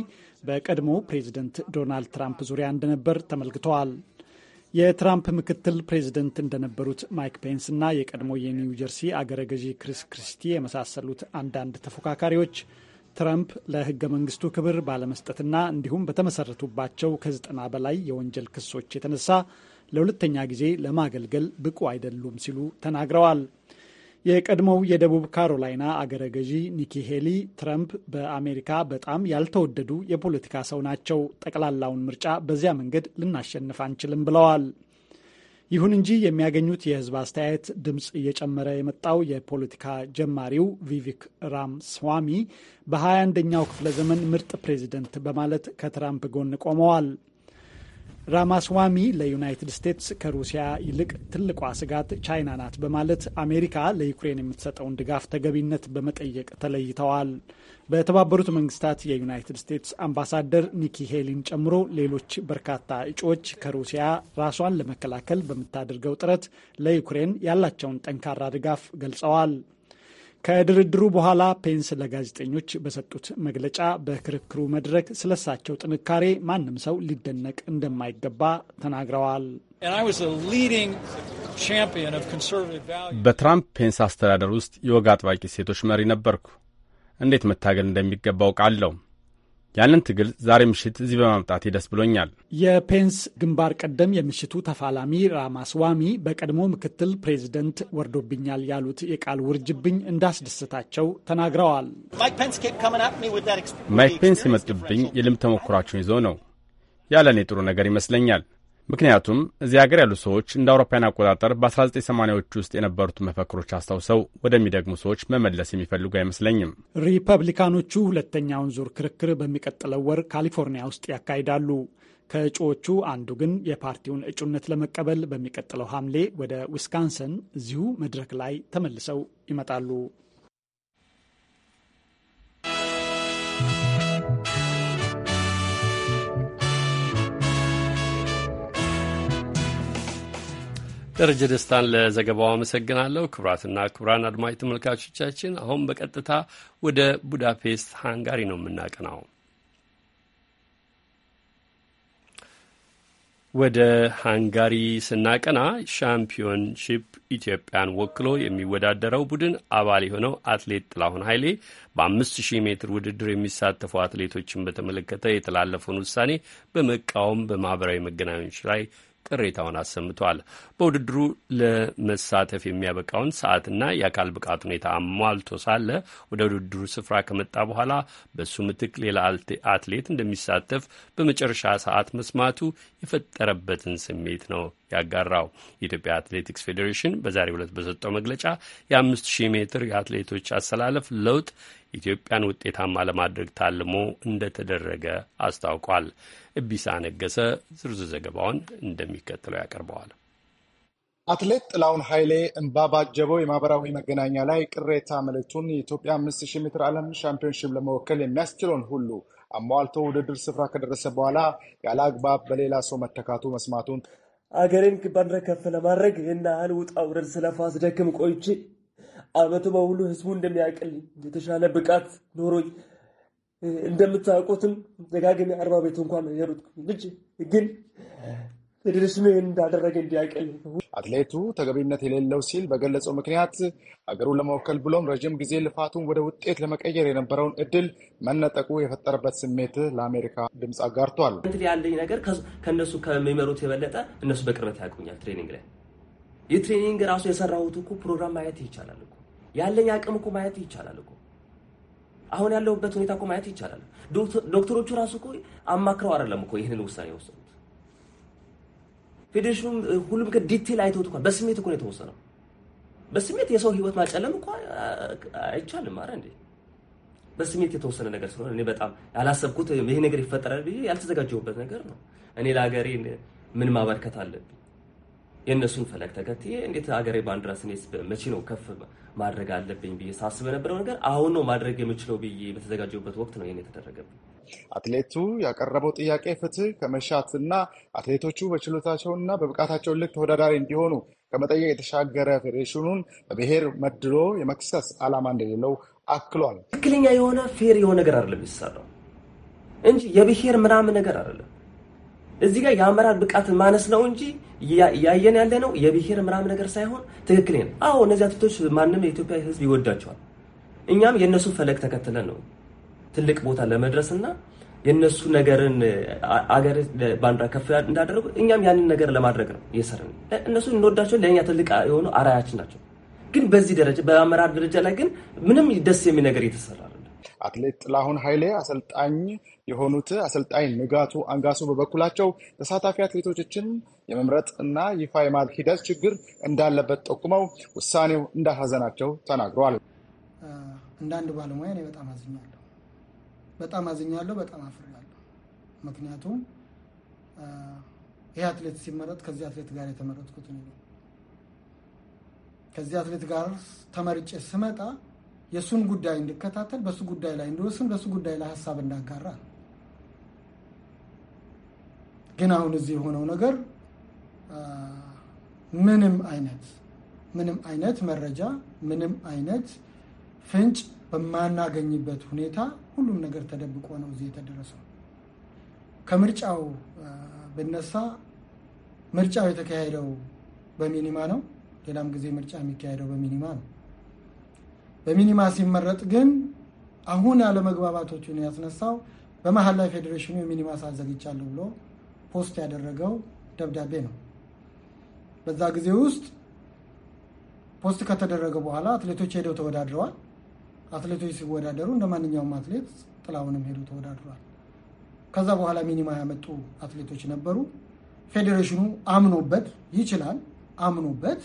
በቀድሞው ፕሬዚደንት ዶናልድ ትራምፕ ዙሪያ እንደነበር ተመልክተዋል። የትራምፕ ምክትል ፕሬዚደንት እንደነበሩት ማይክ ፔንስ እና የቀድሞ የኒው ጀርሲ አገረ ገዢ ክሪስ ክሪስቲ የመሳሰሉት አንዳንድ ተፎካካሪዎች ትራምፕ ለሕገ መንግስቱ ክብር ባለመስጠትና እንዲሁም በተመሰረቱባቸው ከዘጠና በላይ የወንጀል ክሶች የተነሳ ለሁለተኛ ጊዜ ለማገልገል ብቁ አይደሉም ሲሉ ተናግረዋል። የቀድሞው የደቡብ ካሮላይና አገረ ገዢ ኒኪ ሄሊ ትረምፕ በአሜሪካ በጣም ያልተወደዱ የፖለቲካ ሰው ናቸው፣ ጠቅላላውን ምርጫ በዚያ መንገድ ልናሸንፍ አንችልም ብለዋል። ይሁን እንጂ የሚያገኙት የህዝብ አስተያየት ድምፅ እየጨመረ የመጣው የፖለቲካ ጀማሪው ቪቪክ ራም ስዋሚ በ21ኛው ክፍለ ዘመን ምርጥ ፕሬዚደንት በማለት ከትራምፕ ጎን ቆመዋል። ራማስዋሚ ለዩናይትድ ስቴትስ ከሩሲያ ይልቅ ትልቋ ስጋት ቻይና ናት በማለት አሜሪካ ለዩክሬን የምትሰጠውን ድጋፍ ተገቢነት በመጠየቅ ተለይተዋል። በተባበሩት መንግስታት የዩናይትድ ስቴትስ አምባሳደር ኒኪ ሄሊን ጨምሮ ሌሎች በርካታ እጩዎች ከሩሲያ ራሷን ለመከላከል በምታደርገው ጥረት ለዩክሬን ያላቸውን ጠንካራ ድጋፍ ገልጸዋል። ከድርድሩ በኋላ ፔንስ ለጋዜጠኞች በሰጡት መግለጫ በክርክሩ መድረክ ስለሳቸው ጥንካሬ ማንም ሰው ሊደነቅ እንደማይገባ ተናግረዋል። በትራምፕ ፔንስ አስተዳደር ውስጥ የወግ አጥባቂ ሴቶች መሪ ነበርኩ። እንዴት መታገል እንደሚገባው ቃለው ያንን ትግል ዛሬ ምሽት እዚህ በማምጣቴ ደስ ብሎኛል። የፔንስ ግንባር ቀደም የምሽቱ ተፋላሚ ራማስዋሚ በቀድሞ ምክትል ፕሬዚደንት ወርዶብኛል ያሉት የቃል ውርጅብኝ እንዳስደሰታቸው ተናግረዋል። ማይክ ፔንስ የመጡብኝ የልምድ ተሞክሯቸውን ይዞ ነው ያለኔ ጥሩ ነገር ይመስለኛል። ምክንያቱም እዚህ ሀገር ያሉ ሰዎች እንደ አውሮፓውያን አቆጣጠር በ1980ዎቹ ውስጥ የነበሩትን መፈክሮች አስታውሰው ወደሚደግሙ ሰዎች መመለስ የሚፈልጉ አይመስለኝም። ሪፐብሊካኖቹ ሁለተኛውን ዙር ክርክር በሚቀጥለው ወር ካሊፎርኒያ ውስጥ ያካሂዳሉ። ከእጩዎቹ አንዱ ግን የፓርቲውን እጩነት ለመቀበል በሚቀጥለው ሐምሌ ወደ ዊስካንሰን እዚሁ መድረክ ላይ ተመልሰው ይመጣሉ። ደረጀ ደስታን ለዘገባው አመሰግናለሁ። ክቡራትና ክቡራን አድማጭ ተመልካቾቻችን አሁን በቀጥታ ወደ ቡዳፔስት ሃንጋሪ ነው የምናቀናው። ወደ ሃንጋሪ ስናቀና ሻምፒዮንሺፕ ኢትዮጵያን ወክሎ የሚወዳደረው ቡድን አባል የሆነው አትሌት ጥላሁን ኃይሌ በ ሺህ ሜትር ውድድር የሚሳተፉ አትሌቶችን በተመለከተ የተላለፈውን ውሳኔ በመቃወም በማህበራዊ መገናኞች ላይ ቅሬታውን አሰምቷል። በውድድሩ ለመሳተፍ የሚያበቃውን ሰዓትና የአካል ብቃት ሁኔታ አሟልቶ ሳለ ወደ ውድድሩ ስፍራ ከመጣ በኋላ በእሱ ምትክ ሌላ አትሌት እንደሚሳተፍ በመጨረሻ ሰዓት መስማቱ የፈጠረበትን ስሜት ነው ያጋራው። የኢትዮጵያ አትሌቲክስ ፌዴሬሽን በዛሬው ዕለት በሰጠው መግለጫ የአምስት ሺህ ሜትር የአትሌቶች አሰላለፍ ለውጥ ኢትዮጵያን ውጤታማ ለማድረግ ታልሞ እንደተደረገ አስታውቋል። እቢሳ ነገሰ ዝርዝር ዘገባውን እንደሚከተለው ያቀርበዋል። አትሌት ጥላሁን ኃይሌ እንባ ባጀበው የማህበራዊ መገናኛ ላይ ቅሬታ መልእክቱን የኢትዮጵያ አምስት ሜትር ዓለም ሻምፒዮንሽፕ ለመወከል የሚያስችለውን ሁሉ አሟልቶ ውድድር ስፍራ ከደረሰ በኋላ ያለ አግባብ በሌላ ሰው መተካቱ መስማቱን አገሬን ባንዲራ ከፍ ለማድረግ ይህን ያህል ውጣ ውረድ ስለፋ ስደክም ቆይቼ አመቱ በሙሉ ህዝቡ እንደሚያውቅልኝ የተሻለ ብቃት ኖሮኝ እንደምታውቁትም ደጋግሜ አርባ ቤት እንኳን የሩጥኩኝ ልጅ ግን ድርስሜ እንዳደረገ እንዲያቀል አትሌቱ ተገቢነት የሌለው ሲል በገለጸው ምክንያት አገሩን ለመወከል ብሎም ረዥም ጊዜ ልፋቱን ወደ ውጤት ለመቀየር የነበረውን እድል መነጠቁ የፈጠረበት ስሜት ለአሜሪካ ድምፅ አጋርቷል። እንግዲህ ያለኝ ነገር ከእነሱ ከሚመሩት የበለጠ እነሱ በቅርበት ያውቁኛል። ትሬኒንግ ላይ ይህ ትሬኒንግ ራሱ የሰራሁት እኮ ፕሮግራም ማየት ይቻላል እኮ ያለኝ አቅም እኮ ማየት ይቻላል እኮ አሁን ያለሁበት ሁኔታ እኮ ማየት ይቻላል። ዶክተሮቹ ራሱ እኮ አማክረው አይደለም እኮ ይህንን ውሳኔ ወሰኑ። ፌዴሬሽኑም ሁሉም ዲቴል አይተውት እንኳን በስሜት እኮ ነው የተወሰነው። በስሜት የሰው ህይወት ማጨለም እኳ አይቻልም። አረ እንዴ! በስሜት የተወሰነ ነገር ስለሆነ እኔ በጣም ያላሰብኩት ይሄ ነገር ይፈጠራል ብዬ ያልተዘጋጀሁበት ነገር ነው። እኔ ለሀገሬ ምን ማበርከት አለብኝ? የእነሱን ፈለግ ተከትዬ እንዴት ሀገሬ ባንዲራ ስኔስ መቼ ነው ከፍ ማድረግ አለብኝ ብዬ ሳስብ የነበረው ነገር አሁን ነው ማድረግ የምችለው ብዬ በተዘጋጀሁበት ወቅት ነው ይ የተደረገብኝ። አትሌቱ ያቀረበው ጥያቄ ፍትህ ከመሻትና አትሌቶቹ በችሎታቸውና በብቃታቸው ልክ ተወዳዳሪ እንዲሆኑ ከመጠየቅ የተሻገረ ፌዴሬሽኑን በብሔር መድሎ የመክሰስ ዓላማ እንደሌለው አክሏል። ትክክለኛ የሆነ ፌር የሆነ ነገር አይደለም የሚሰራው እንጂ የብሔር ምናምን ነገር አይደለም። እዚህ ጋር የአመራር ብቃት ማነስ ነው እንጂ እያየን ያለ ነው የብሔር ምናምን ነገር ሳይሆን ትክክል ነው። አዎ እነዚህ አትሌቶች ማንም የኢትዮጵያ ሕዝብ ይወዳቸዋል። እኛም የእነሱ ፈለግ ተከትለን ነው ትልቅ ቦታ ለመድረስ እና የእነሱ ነገርን አገር ባንዲራ ከፍ እንዳደረጉ እኛም ያንን ነገር ለማድረግ ነው እየሰራን። እነሱ እንወዳቸው ለእኛ ትልቅ የሆኑ አራያችን ናቸው። ግን በዚህ ደረጃ በአመራር ደረጃ ላይ ግን ምንም ደስ የሚል ነገር እየተሰራ አትሌት ጥላሁን ኃይሌ አሰልጣኝ የሆኑት አሰልጣኝ ንጋቱ አንጋሱ በበኩላቸው ተሳታፊ አትሌቶችን የመምረጥ እና ይፋ የማድረግ ሂደት ችግር እንዳለበት ጠቁመው ውሳኔው እንዳሳዘናቸው ተናግረዋል። እንዳንድ ባለሙያ እኔ በጣም አዝኛለሁ። በጣም አዝኛለሁ፣ በጣም አፍሬያለሁ። ምክንያቱም ይህ አትሌት ሲመረጥ ከዚህ አትሌት ጋር የተመረጥኩት ነው። ከዚህ አትሌት ጋር ተመርጬ ስመጣ የእሱን ጉዳይ እንድከታተል፣ በሱ ጉዳይ ላይ እንድወስን፣ በሱ ጉዳይ ላይ ሀሳብ እንዳጋራ ግን አሁን እዚህ የሆነው ነገር ምንም አይነት ምንም አይነት መረጃ ምንም አይነት ፍንጭ በማናገኝበት ሁኔታ ሁሉም ነገር ተደብቆ ነው እዚህ የተደረሰው። ከምርጫው ብነሳ ምርጫው የተካሄደው በሚኒማ ነው። ሌላም ጊዜ ምርጫ የሚካሄደው በሚኒማ ነው። በሚኒማ ሲመረጥ ግን አሁን አለመግባባቶችን ያስነሳው በመሀል ላይ ፌዴሬሽኑ የሚኒማ ሳዘግቻለሁ ብሎ ፖስት ያደረገው ደብዳቤ ነው። በዛ ጊዜ ውስጥ ፖስት ከተደረገ በኋላ አትሌቶች ሄደው ተወዳድረዋል። አትሌቶች ሲወዳደሩ እንደ ማንኛውም አትሌት ጥላሁንም ሄዱ ተወዳድሯል። ከዛ በኋላ ሚኒማ ያመጡ አትሌቶች ነበሩ። ፌዴሬሽኑ አምኖበት ይችላል አምኖበት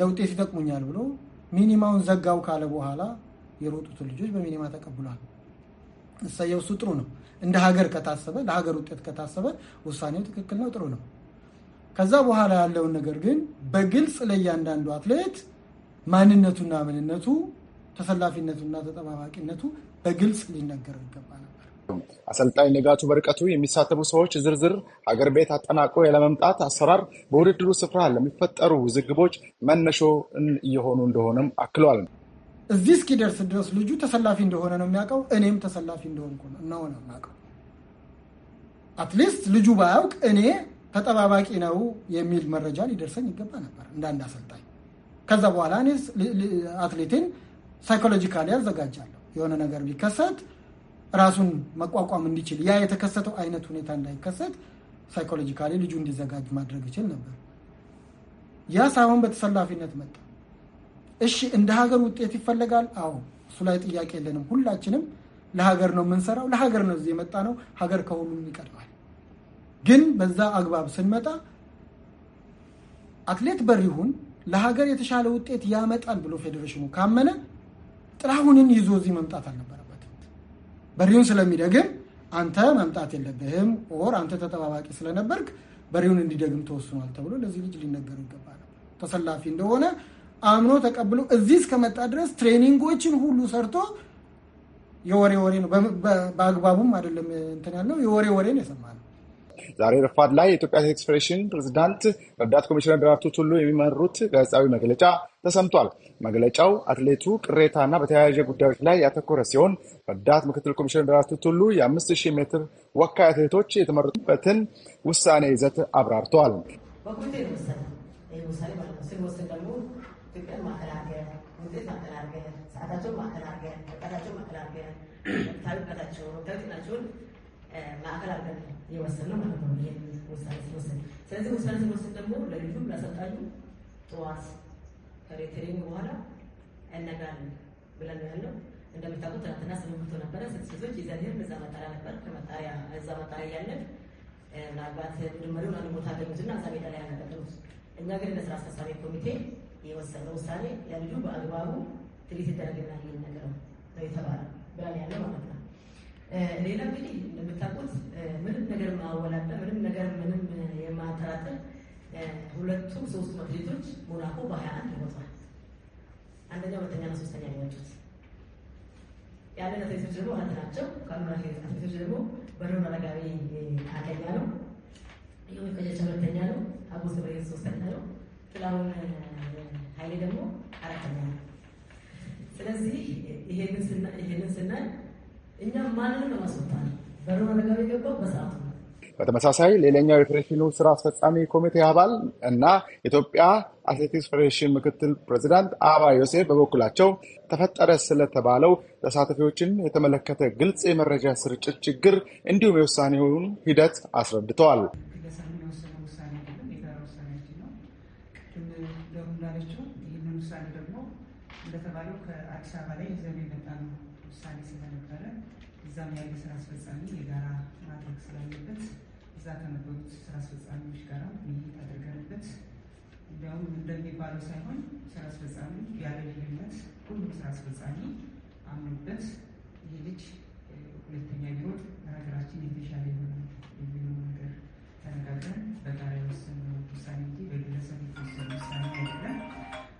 ለውጤት ይጠቅሙኛል ብሎ ሚኒማውን ዘጋው ካለ በኋላ የሮጡትን ልጆች በሚኒማ ተቀብሏል። እሰየው፣ እሱ ጥሩ ነው። እንደ ሀገር ከታሰበ ለሀገር ውጤት ከታሰበ ውሳኔው ትክክል ነው፣ ጥሩ ነው። ከዛ በኋላ ያለውን ነገር ግን በግልጽ ለእያንዳንዱ አትሌት ማንነቱና ምንነቱ ተሰላፊነቱና ተጠባባቂነቱ በግልጽ ሊነገረው ይገባ ነበር። አሰልጣኝ ንጋቱ በርቀቱ የሚሳተፉ ሰዎች ዝርዝር ሀገር ቤት አጠናቆ ያለመምጣት አሰራር በውድድሩ ስፍራ ለሚፈጠሩ ውዝግቦች መነሾ እየሆኑ እንደሆነም አክለዋል። እዚህ እስኪደርስ ድረስ ልጁ ተሰላፊ እንደሆነ ነው የሚያውቀው። እኔም ተሰላፊ እንደሆንኩ ነው የማውቀው። አትሊስት ልጁ ባያውቅ እኔ ተጠባባቂ ነው የሚል መረጃ ሊደርሰኝ ይገባ ነበር እንዳንድ አሰልጣኝ። ከዛ በኋላ እኔ አትሌቴን ሳይኮሎጂካሊ አዘጋጃለሁ። የሆነ ነገር ቢከሰት ራሱን መቋቋም እንዲችል ያ የተከሰተው አይነት ሁኔታ እንዳይከሰት ሳይኮሎጂካሊ ልጁ እንዲዘጋጅ ማድረግ ይችል ነበር። ያ ሳይሆን በተሰላፊነት መጣ። እሺ እንደ ሀገር ውጤት ይፈለጋል። አዎ እሱ ላይ ጥያቄ የለንም። ሁላችንም ለሀገር ነው የምንሰራው፣ ለሀገር ነው እዚህ የመጣ ነው። ሀገር ከሁሉም ይቀድማል። ግን በዛ አግባብ ስንመጣ አትሌት በሪሁን ለሀገር የተሻለ ውጤት ያመጣል ብሎ ፌዴሬሽኑ ካመነ ጥላሁንን ይዞ እዚህ መምጣት አልነበረበትም። በሬውን ስለሚደግም አንተ መምጣት የለብህም ኦር አንተ ተጠባባቂ ስለነበርክ በሬውን እንዲደግም ተወስኗል ተብሎ ለዚህ ልጅ ሊነገሩ ይገባ ነበር። ተሰላፊ እንደሆነ አምኖ ተቀብሎ እዚህ እስከመጣ ድረስ ትሬኒንጎችን ሁሉ ሰርቶ የወሬ ወሬ ነው። በአግባቡም አይደለም እንትን የወሬ ወሬን የሰማ ነው። ዛሬ ረፋድ ላይ የኢትዮጵያ ሴክስ ፌዴሬሽን ፕሬዚዳንት ረዳት ኮሚሽነር ደራርቱ ቱሉ የሚመሩት ጋዜጣዊ መግለጫ ተሰምቷል። መግለጫው አትሌቱ ቅሬታና በተያያዥ ጉዳዮች ላይ ያተኮረ ሲሆን ረዳት ምክትል ኮሚሽነር ደራርቱ ቱሉ የአምስት ሺህ ሜትር ወካይ አትሌቶች የተመረጡበትን ውሳኔ ይዘት አብራርተዋል። ማዕከል አድርገን የወሰንነው ማለት ነው። ይህን ውሳኔ ስንወስን ስለዚህ ውሳኔ ስንወስን ደግሞ ለልጁም ለአሰልጣኙ ጠዋት ከሬትሪንግ በኋላ እነግራለን ብለን ነው ያለው። እንደምታውቁት ትናንትና ስምንቶ ነበረ ስድስት ሴቶች እዛ መጣሪያ ነበር። ከመጣሪያ እዛ መጣሪያ ያለን ምናልባት ምርመሪውን አንድ ቦታ አገኙትና እዛ ሜዳ ላይ ያነቀጥሉት እኛ ግን እንደ አስፈጻሚ ኮሚቴ የወሰነው ውሳኔ ለልጁ በአግባቡ ትሪት ይደረግና ይህን ነገር ነው የተባለ ብለን ያለ ማለት ነው። ሌላ እንግዲህ እንደምታውቁት ምንም ነገር ማወላዳ ምንም ነገር ምንም የማጠራጥር ሁለቱም ሶስቱም አትሌቶች ሞናኮ በሀያ አንድ ይወጥቷል። አንደኛ ሁለተኛና ሶስተኛ የወጡት ያለን አትሌቶች ደግሞ አንድ ናቸው። ከአሉ አትሌቶች ደግሞ በሮን አረጋዊ አንደኛ ነው፣ ይሁን ቀጀቻ ሁለተኛ ነው፣ አጎስ ገብረየስ ሶስተኛ ነው፣ ጥላሁን ኃይሌ ደግሞ አራተኛ ነው። ስለዚህ ይሄንን ስናይ እኛም ማንንም በሮ ነገር የገባው በሰዓቱ በተመሳሳይ ሌላኛው የፌዴሬሽኑ ስራ አስፈጻሚ ኮሚቴ አባል እና የኢትዮጵያ አትሌቲክስ ፌዴሬሽን ምክትል ፕሬዚዳንት አባ ዮሴፍ በበኩላቸው ተፈጠረ ስለተባለው ተሳታፊዎችን የተመለከተ ግልጽ የመረጃ ስርጭት ችግር እንዲሁም የውሳኔውን ሂደት አስረድተዋል። ከነበሩት ስራ አስፈጻሚዎች ጋር ውይይት አድርገንበት እንዲያውም እንደሚባለው ሳይሆን ስራ አስፈጻሚ ያለ ልዩነት ሁሉም ስራ አስፈጻሚ አምኖበት ይህ ልጅ ሁለተኛ ቢሆን ለሀገራችን የተሻለ ይሆናል የሚለው ነገር ተነጋግረን በጋራ የወሰነው ውሳኔ እንጂ በግለሰብ የተወሰነ ውሳኔ አይደለም።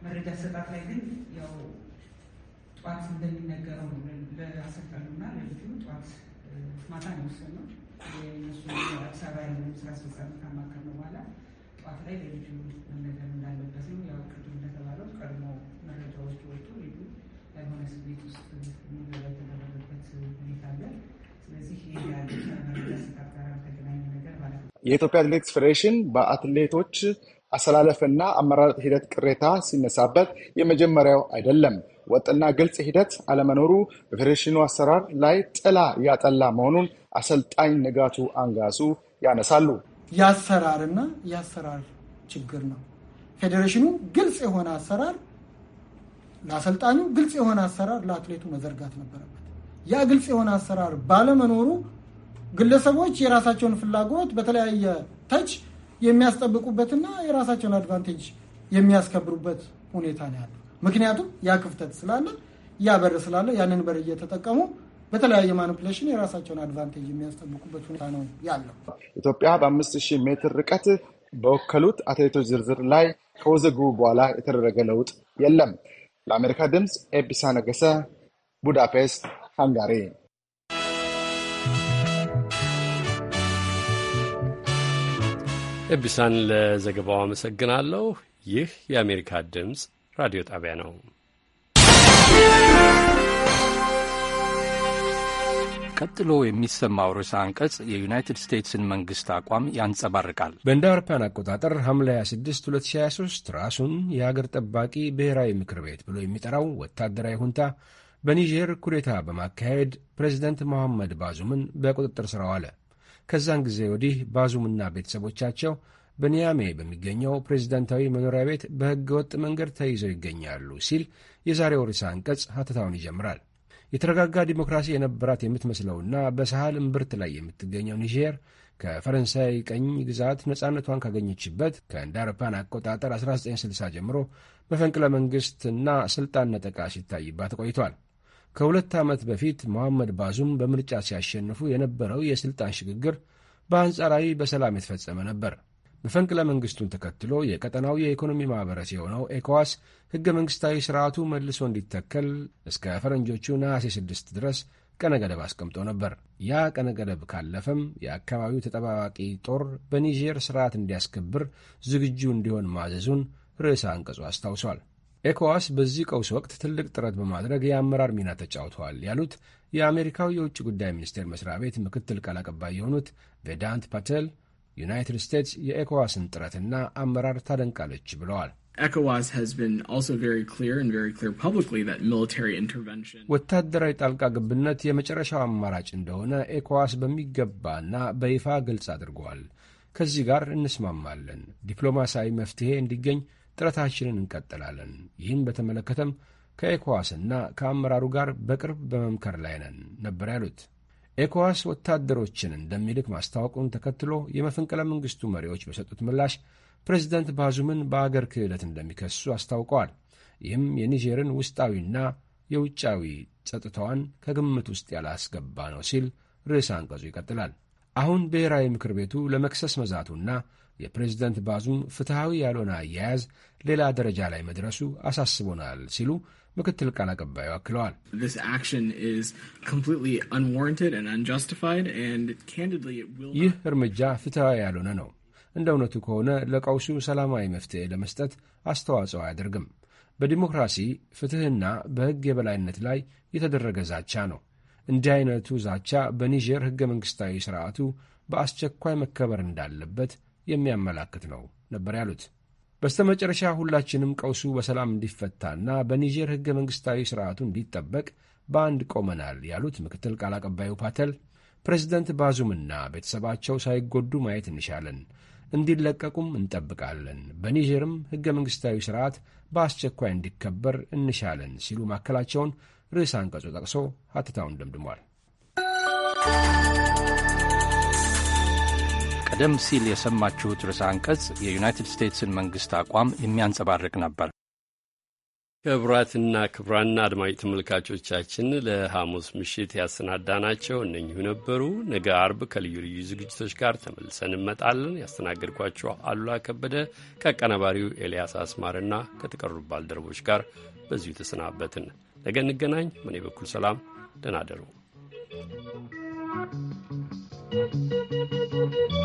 መረጃ አሰጣጥ ላይ ግን ያው ጠዋት እንደሚነገረው ለአሰልጣኙና ለልጁ ጠዋት ማታ ነው የወሰነው። አበባ ስራ አስፈጻሚ ካማከር ነው በኋላ ጠዋት ላይ ለልጁ መነገር ያው ቅድም እንደተባለው ቀድሞ መረጃዎች ወጡ ልጁ ያልሆነ ስሜት ውስጥ የተደረገበት ሁኔታ አለ። ስለዚህ ይህ መረጃ ጋር ተገናኘ ነገር ማለት ነው። የኢትዮጵያ አትሌቲክስ ፌዴሬሽን በአትሌቶች አሰላለፍና አመራረጥ ሂደት ቅሬታ ሲነሳበት የመጀመሪያው አይደለም። ወጥና ግልጽ ሂደት አለመኖሩ በፌዴሬሽኑ አሰራር ላይ ጥላ ያጠላ መሆኑን አሰልጣኝ ንጋቱ አንጋሱ ያነሳሉ። የአሰራርና የአሰራር ችግር ነው። ፌዴሬሽኑ ግልጽ የሆነ አሰራር ለአሰልጣኙ ግልጽ የሆነ አሰራር ለአትሌቱ መዘርጋት ነበረበት። ያ ግልጽ የሆነ አሰራር ባለመኖሩ ግለሰቦች የራሳቸውን ፍላጎት በተለያየ ተች የሚያስጠብቁበትና የራሳቸውን አድቫንቴጅ የሚያስከብሩበት ሁኔታ ነው ያለው። ምክንያቱም ያ ክፍተት ስላለ ያ በር ስላለ ያንን በር እየተጠቀሙ በተለያየ ማኒፕሌሽን የራሳቸውን አድቫንቴጅ የሚያስጠብቁበት ሁኔታ ነው ያለው። ኢትዮጵያ በአምስት ሺህ ሜትር ርቀት በወከሉት አትሌቶች ዝርዝር ላይ ከውዝግቡ በኋላ የተደረገ ለውጥ የለም። ለአሜሪካ ድምፅ ኤቢሳ ነገሰ፣ ቡዳፔስት ሃንጋሪ። ኤቢሳን ለዘገባው አመሰግናለሁ። ይህ የአሜሪካ ድምፅ ራዲዮ ጣቢያ ነው። ቀጥሎ የሚሰማው ርዕሰ አንቀጽ የዩናይትድ ስቴትስን መንግሥት አቋም ያንጸባርቃል። በእንደ አውሮፓውያን አቆጣጠር ሐምሌ 26 2023 ራሱን የአገር ጠባቂ ብሔራዊ ምክር ቤት ብሎ የሚጠራው ወታደራዊ ሁንታ በኒጀር ኩዴታ በማካሄድ ፕሬዚደንት መሐመድ ባዙምን በቁጥጥር ስር አዋለ። ከዛን ጊዜ ወዲህ ባዙምና ቤተሰቦቻቸው በኒያሜ በሚገኘው ፕሬዚዳንታዊ መኖሪያ ቤት በሕገ ወጥ መንገድ ተይዘው ይገኛሉ ሲል የዛሬው ርዕሰ አንቀጽ ሀተታውን ይጀምራል። የተረጋጋ ዲሞክራሲ የነበራት የምትመስለውና በሳህል እምብርት ላይ የምትገኘው ኒጀር ከፈረንሳይ ቀኝ ግዛት ነጻነቷን ካገኘችበት ከእንደ አውሮፓውያን አቆጣጠር 1960 ጀምሮ በፈንቅለ መንግሥትና ሥልጣን ነጠቃ ሲታይባት ቆይቷል። ከሁለት ዓመት በፊት መሐመድ ባዙም በምርጫ ሲያሸንፉ የነበረው የሥልጣን ሽግግር በአንጻራዊ በሰላም የተፈጸመ ነበር። መፈንቅለ መንግስቱን ተከትሎ የቀጠናው የኢኮኖሚ ማኅበረሰብ የሆነው ኤኮዋስ ሕገ መንግሥታዊ ሥርዓቱ መልሶ እንዲተከል እስከ ፈረንጆቹ ነሐሴ 6 ድረስ ቀነ ገደብ አስቀምጦ ነበር። ያ ቀነ ገደብ ካለፈም የአካባቢው ተጠባባቂ ጦር በኒጀር ሥርዓት እንዲያስከብር ዝግጁ እንዲሆን ማዘዙን ርዕሰ አንቀጹ አስታውሷል። ኤኮዋስ በዚህ ቀውስ ወቅት ትልቅ ጥረት በማድረግ የአመራር ሚና ተጫውተዋል ያሉት የአሜሪካው የውጭ ጉዳይ ሚኒስቴር መስሪያ ቤት ምክትል ቃል አቀባይ የሆኑት ቬዳንት ፓቴል ዩናይትድ ስቴትስ የኤኮዋስን ጥረትና አመራር ታደንቃለች ብለዋል። ወታደራዊ ጣልቃ ግብነት የመጨረሻው አማራጭ እንደሆነ ኤኮዋስ በሚገባና በይፋ ግልጽ አድርገዋል። ከዚህ ጋር እንስማማለን። ዲፕሎማሲያዊ መፍትሄ እንዲገኝ ጥረታችንን እንቀጥላለን። ይህን በተመለከተም ከኤኮዋስና ከአመራሩ ጋር በቅርብ በመምከር ላይ ነን ነበር ያሉት። ኤኮዋስ ወታደሮችን እንደሚልክ ማስታወቁን ተከትሎ የመፈንቅለ መንግስቱ መሪዎች በሰጡት ምላሽ ፕሬዚደንት ባዙምን በአገር ክህደት እንደሚከሱ አስታውቀዋል። ይህም የኒጀርን ውስጣዊና የውጫዊ ጸጥታዋን ከግምት ውስጥ ያላስገባ ነው ሲል ርዕስ አንቀጹ ይቀጥላል። አሁን ብሔራዊ ምክር ቤቱ ለመክሰስ መዛቱና የፕሬዚደንት ባዙም ፍትሐዊ ያልሆነ አያያዝ ሌላ ደረጃ ላይ መድረሱ አሳስቦናል ሲሉ ምክትል ቃል አቀባዩ አክለዋል። ይህ እርምጃ ፍትሐዊ ያልሆነ ነው። እንደ እውነቱ ከሆነ ለቀውሱ ሰላማዊ መፍትሄ ለመስጠት አስተዋጽኦ አያደርግም። በዲሞክራሲ ፍትሕና በሕግ የበላይነት ላይ የተደረገ ዛቻ ነው። እንዲህ አይነቱ ዛቻ በኒጀር ሕገ መንግሥታዊ ሥርዓቱ በአስቸኳይ መከበር እንዳለበት የሚያመላክት ነው ነበር ያሉት። በስተመጨረሻ ሁላችንም ቀውሱ በሰላም እንዲፈታና በኒጀር ሕገ መንግሥታዊ ሥርዓቱ እንዲጠበቅ በአንድ ቆመናል ያሉት ምክትል ቃል አቀባዩ ፓተል ፕሬዚደንት ባዙምና ቤተሰባቸው ሳይጎዱ ማየት እንሻለን፣ እንዲለቀቁም እንጠብቃለን፣ በኒጀርም ሕገ መንግሥታዊ ሥርዓት በአስቸኳይ እንዲከበር እንሻለን ሲሉ ማከላቸውን ርዕስ አንቀጹ ጠቅሶ ሀተታውን ደምድሟል። ቀደም ሲል የሰማችሁት ርዕሰ አንቀጽ የዩናይትድ ስቴትስን መንግሥት አቋም የሚያንጸባርቅ ነበር። ክቡራትና ክቡራን አድማጭ ተመልካቾቻችን ለሐሙስ ምሽት ያሰናዳናቸው እነኚሁ ነበሩ። ነገ አርብ ከልዩ ልዩ ዝግጅቶች ጋር ተመልሰን እንመጣለን። ያስተናገድኳቸው አሉላ ከበደ ከአቀናባሪው ኤልያስ አስማርና ከተቀሩ ባልደረቦች ጋር በዚሁ ተሰናበትን። ነገ እንገናኝ። በእኔ በኩል ሰላም፣ ደህና እደሩ።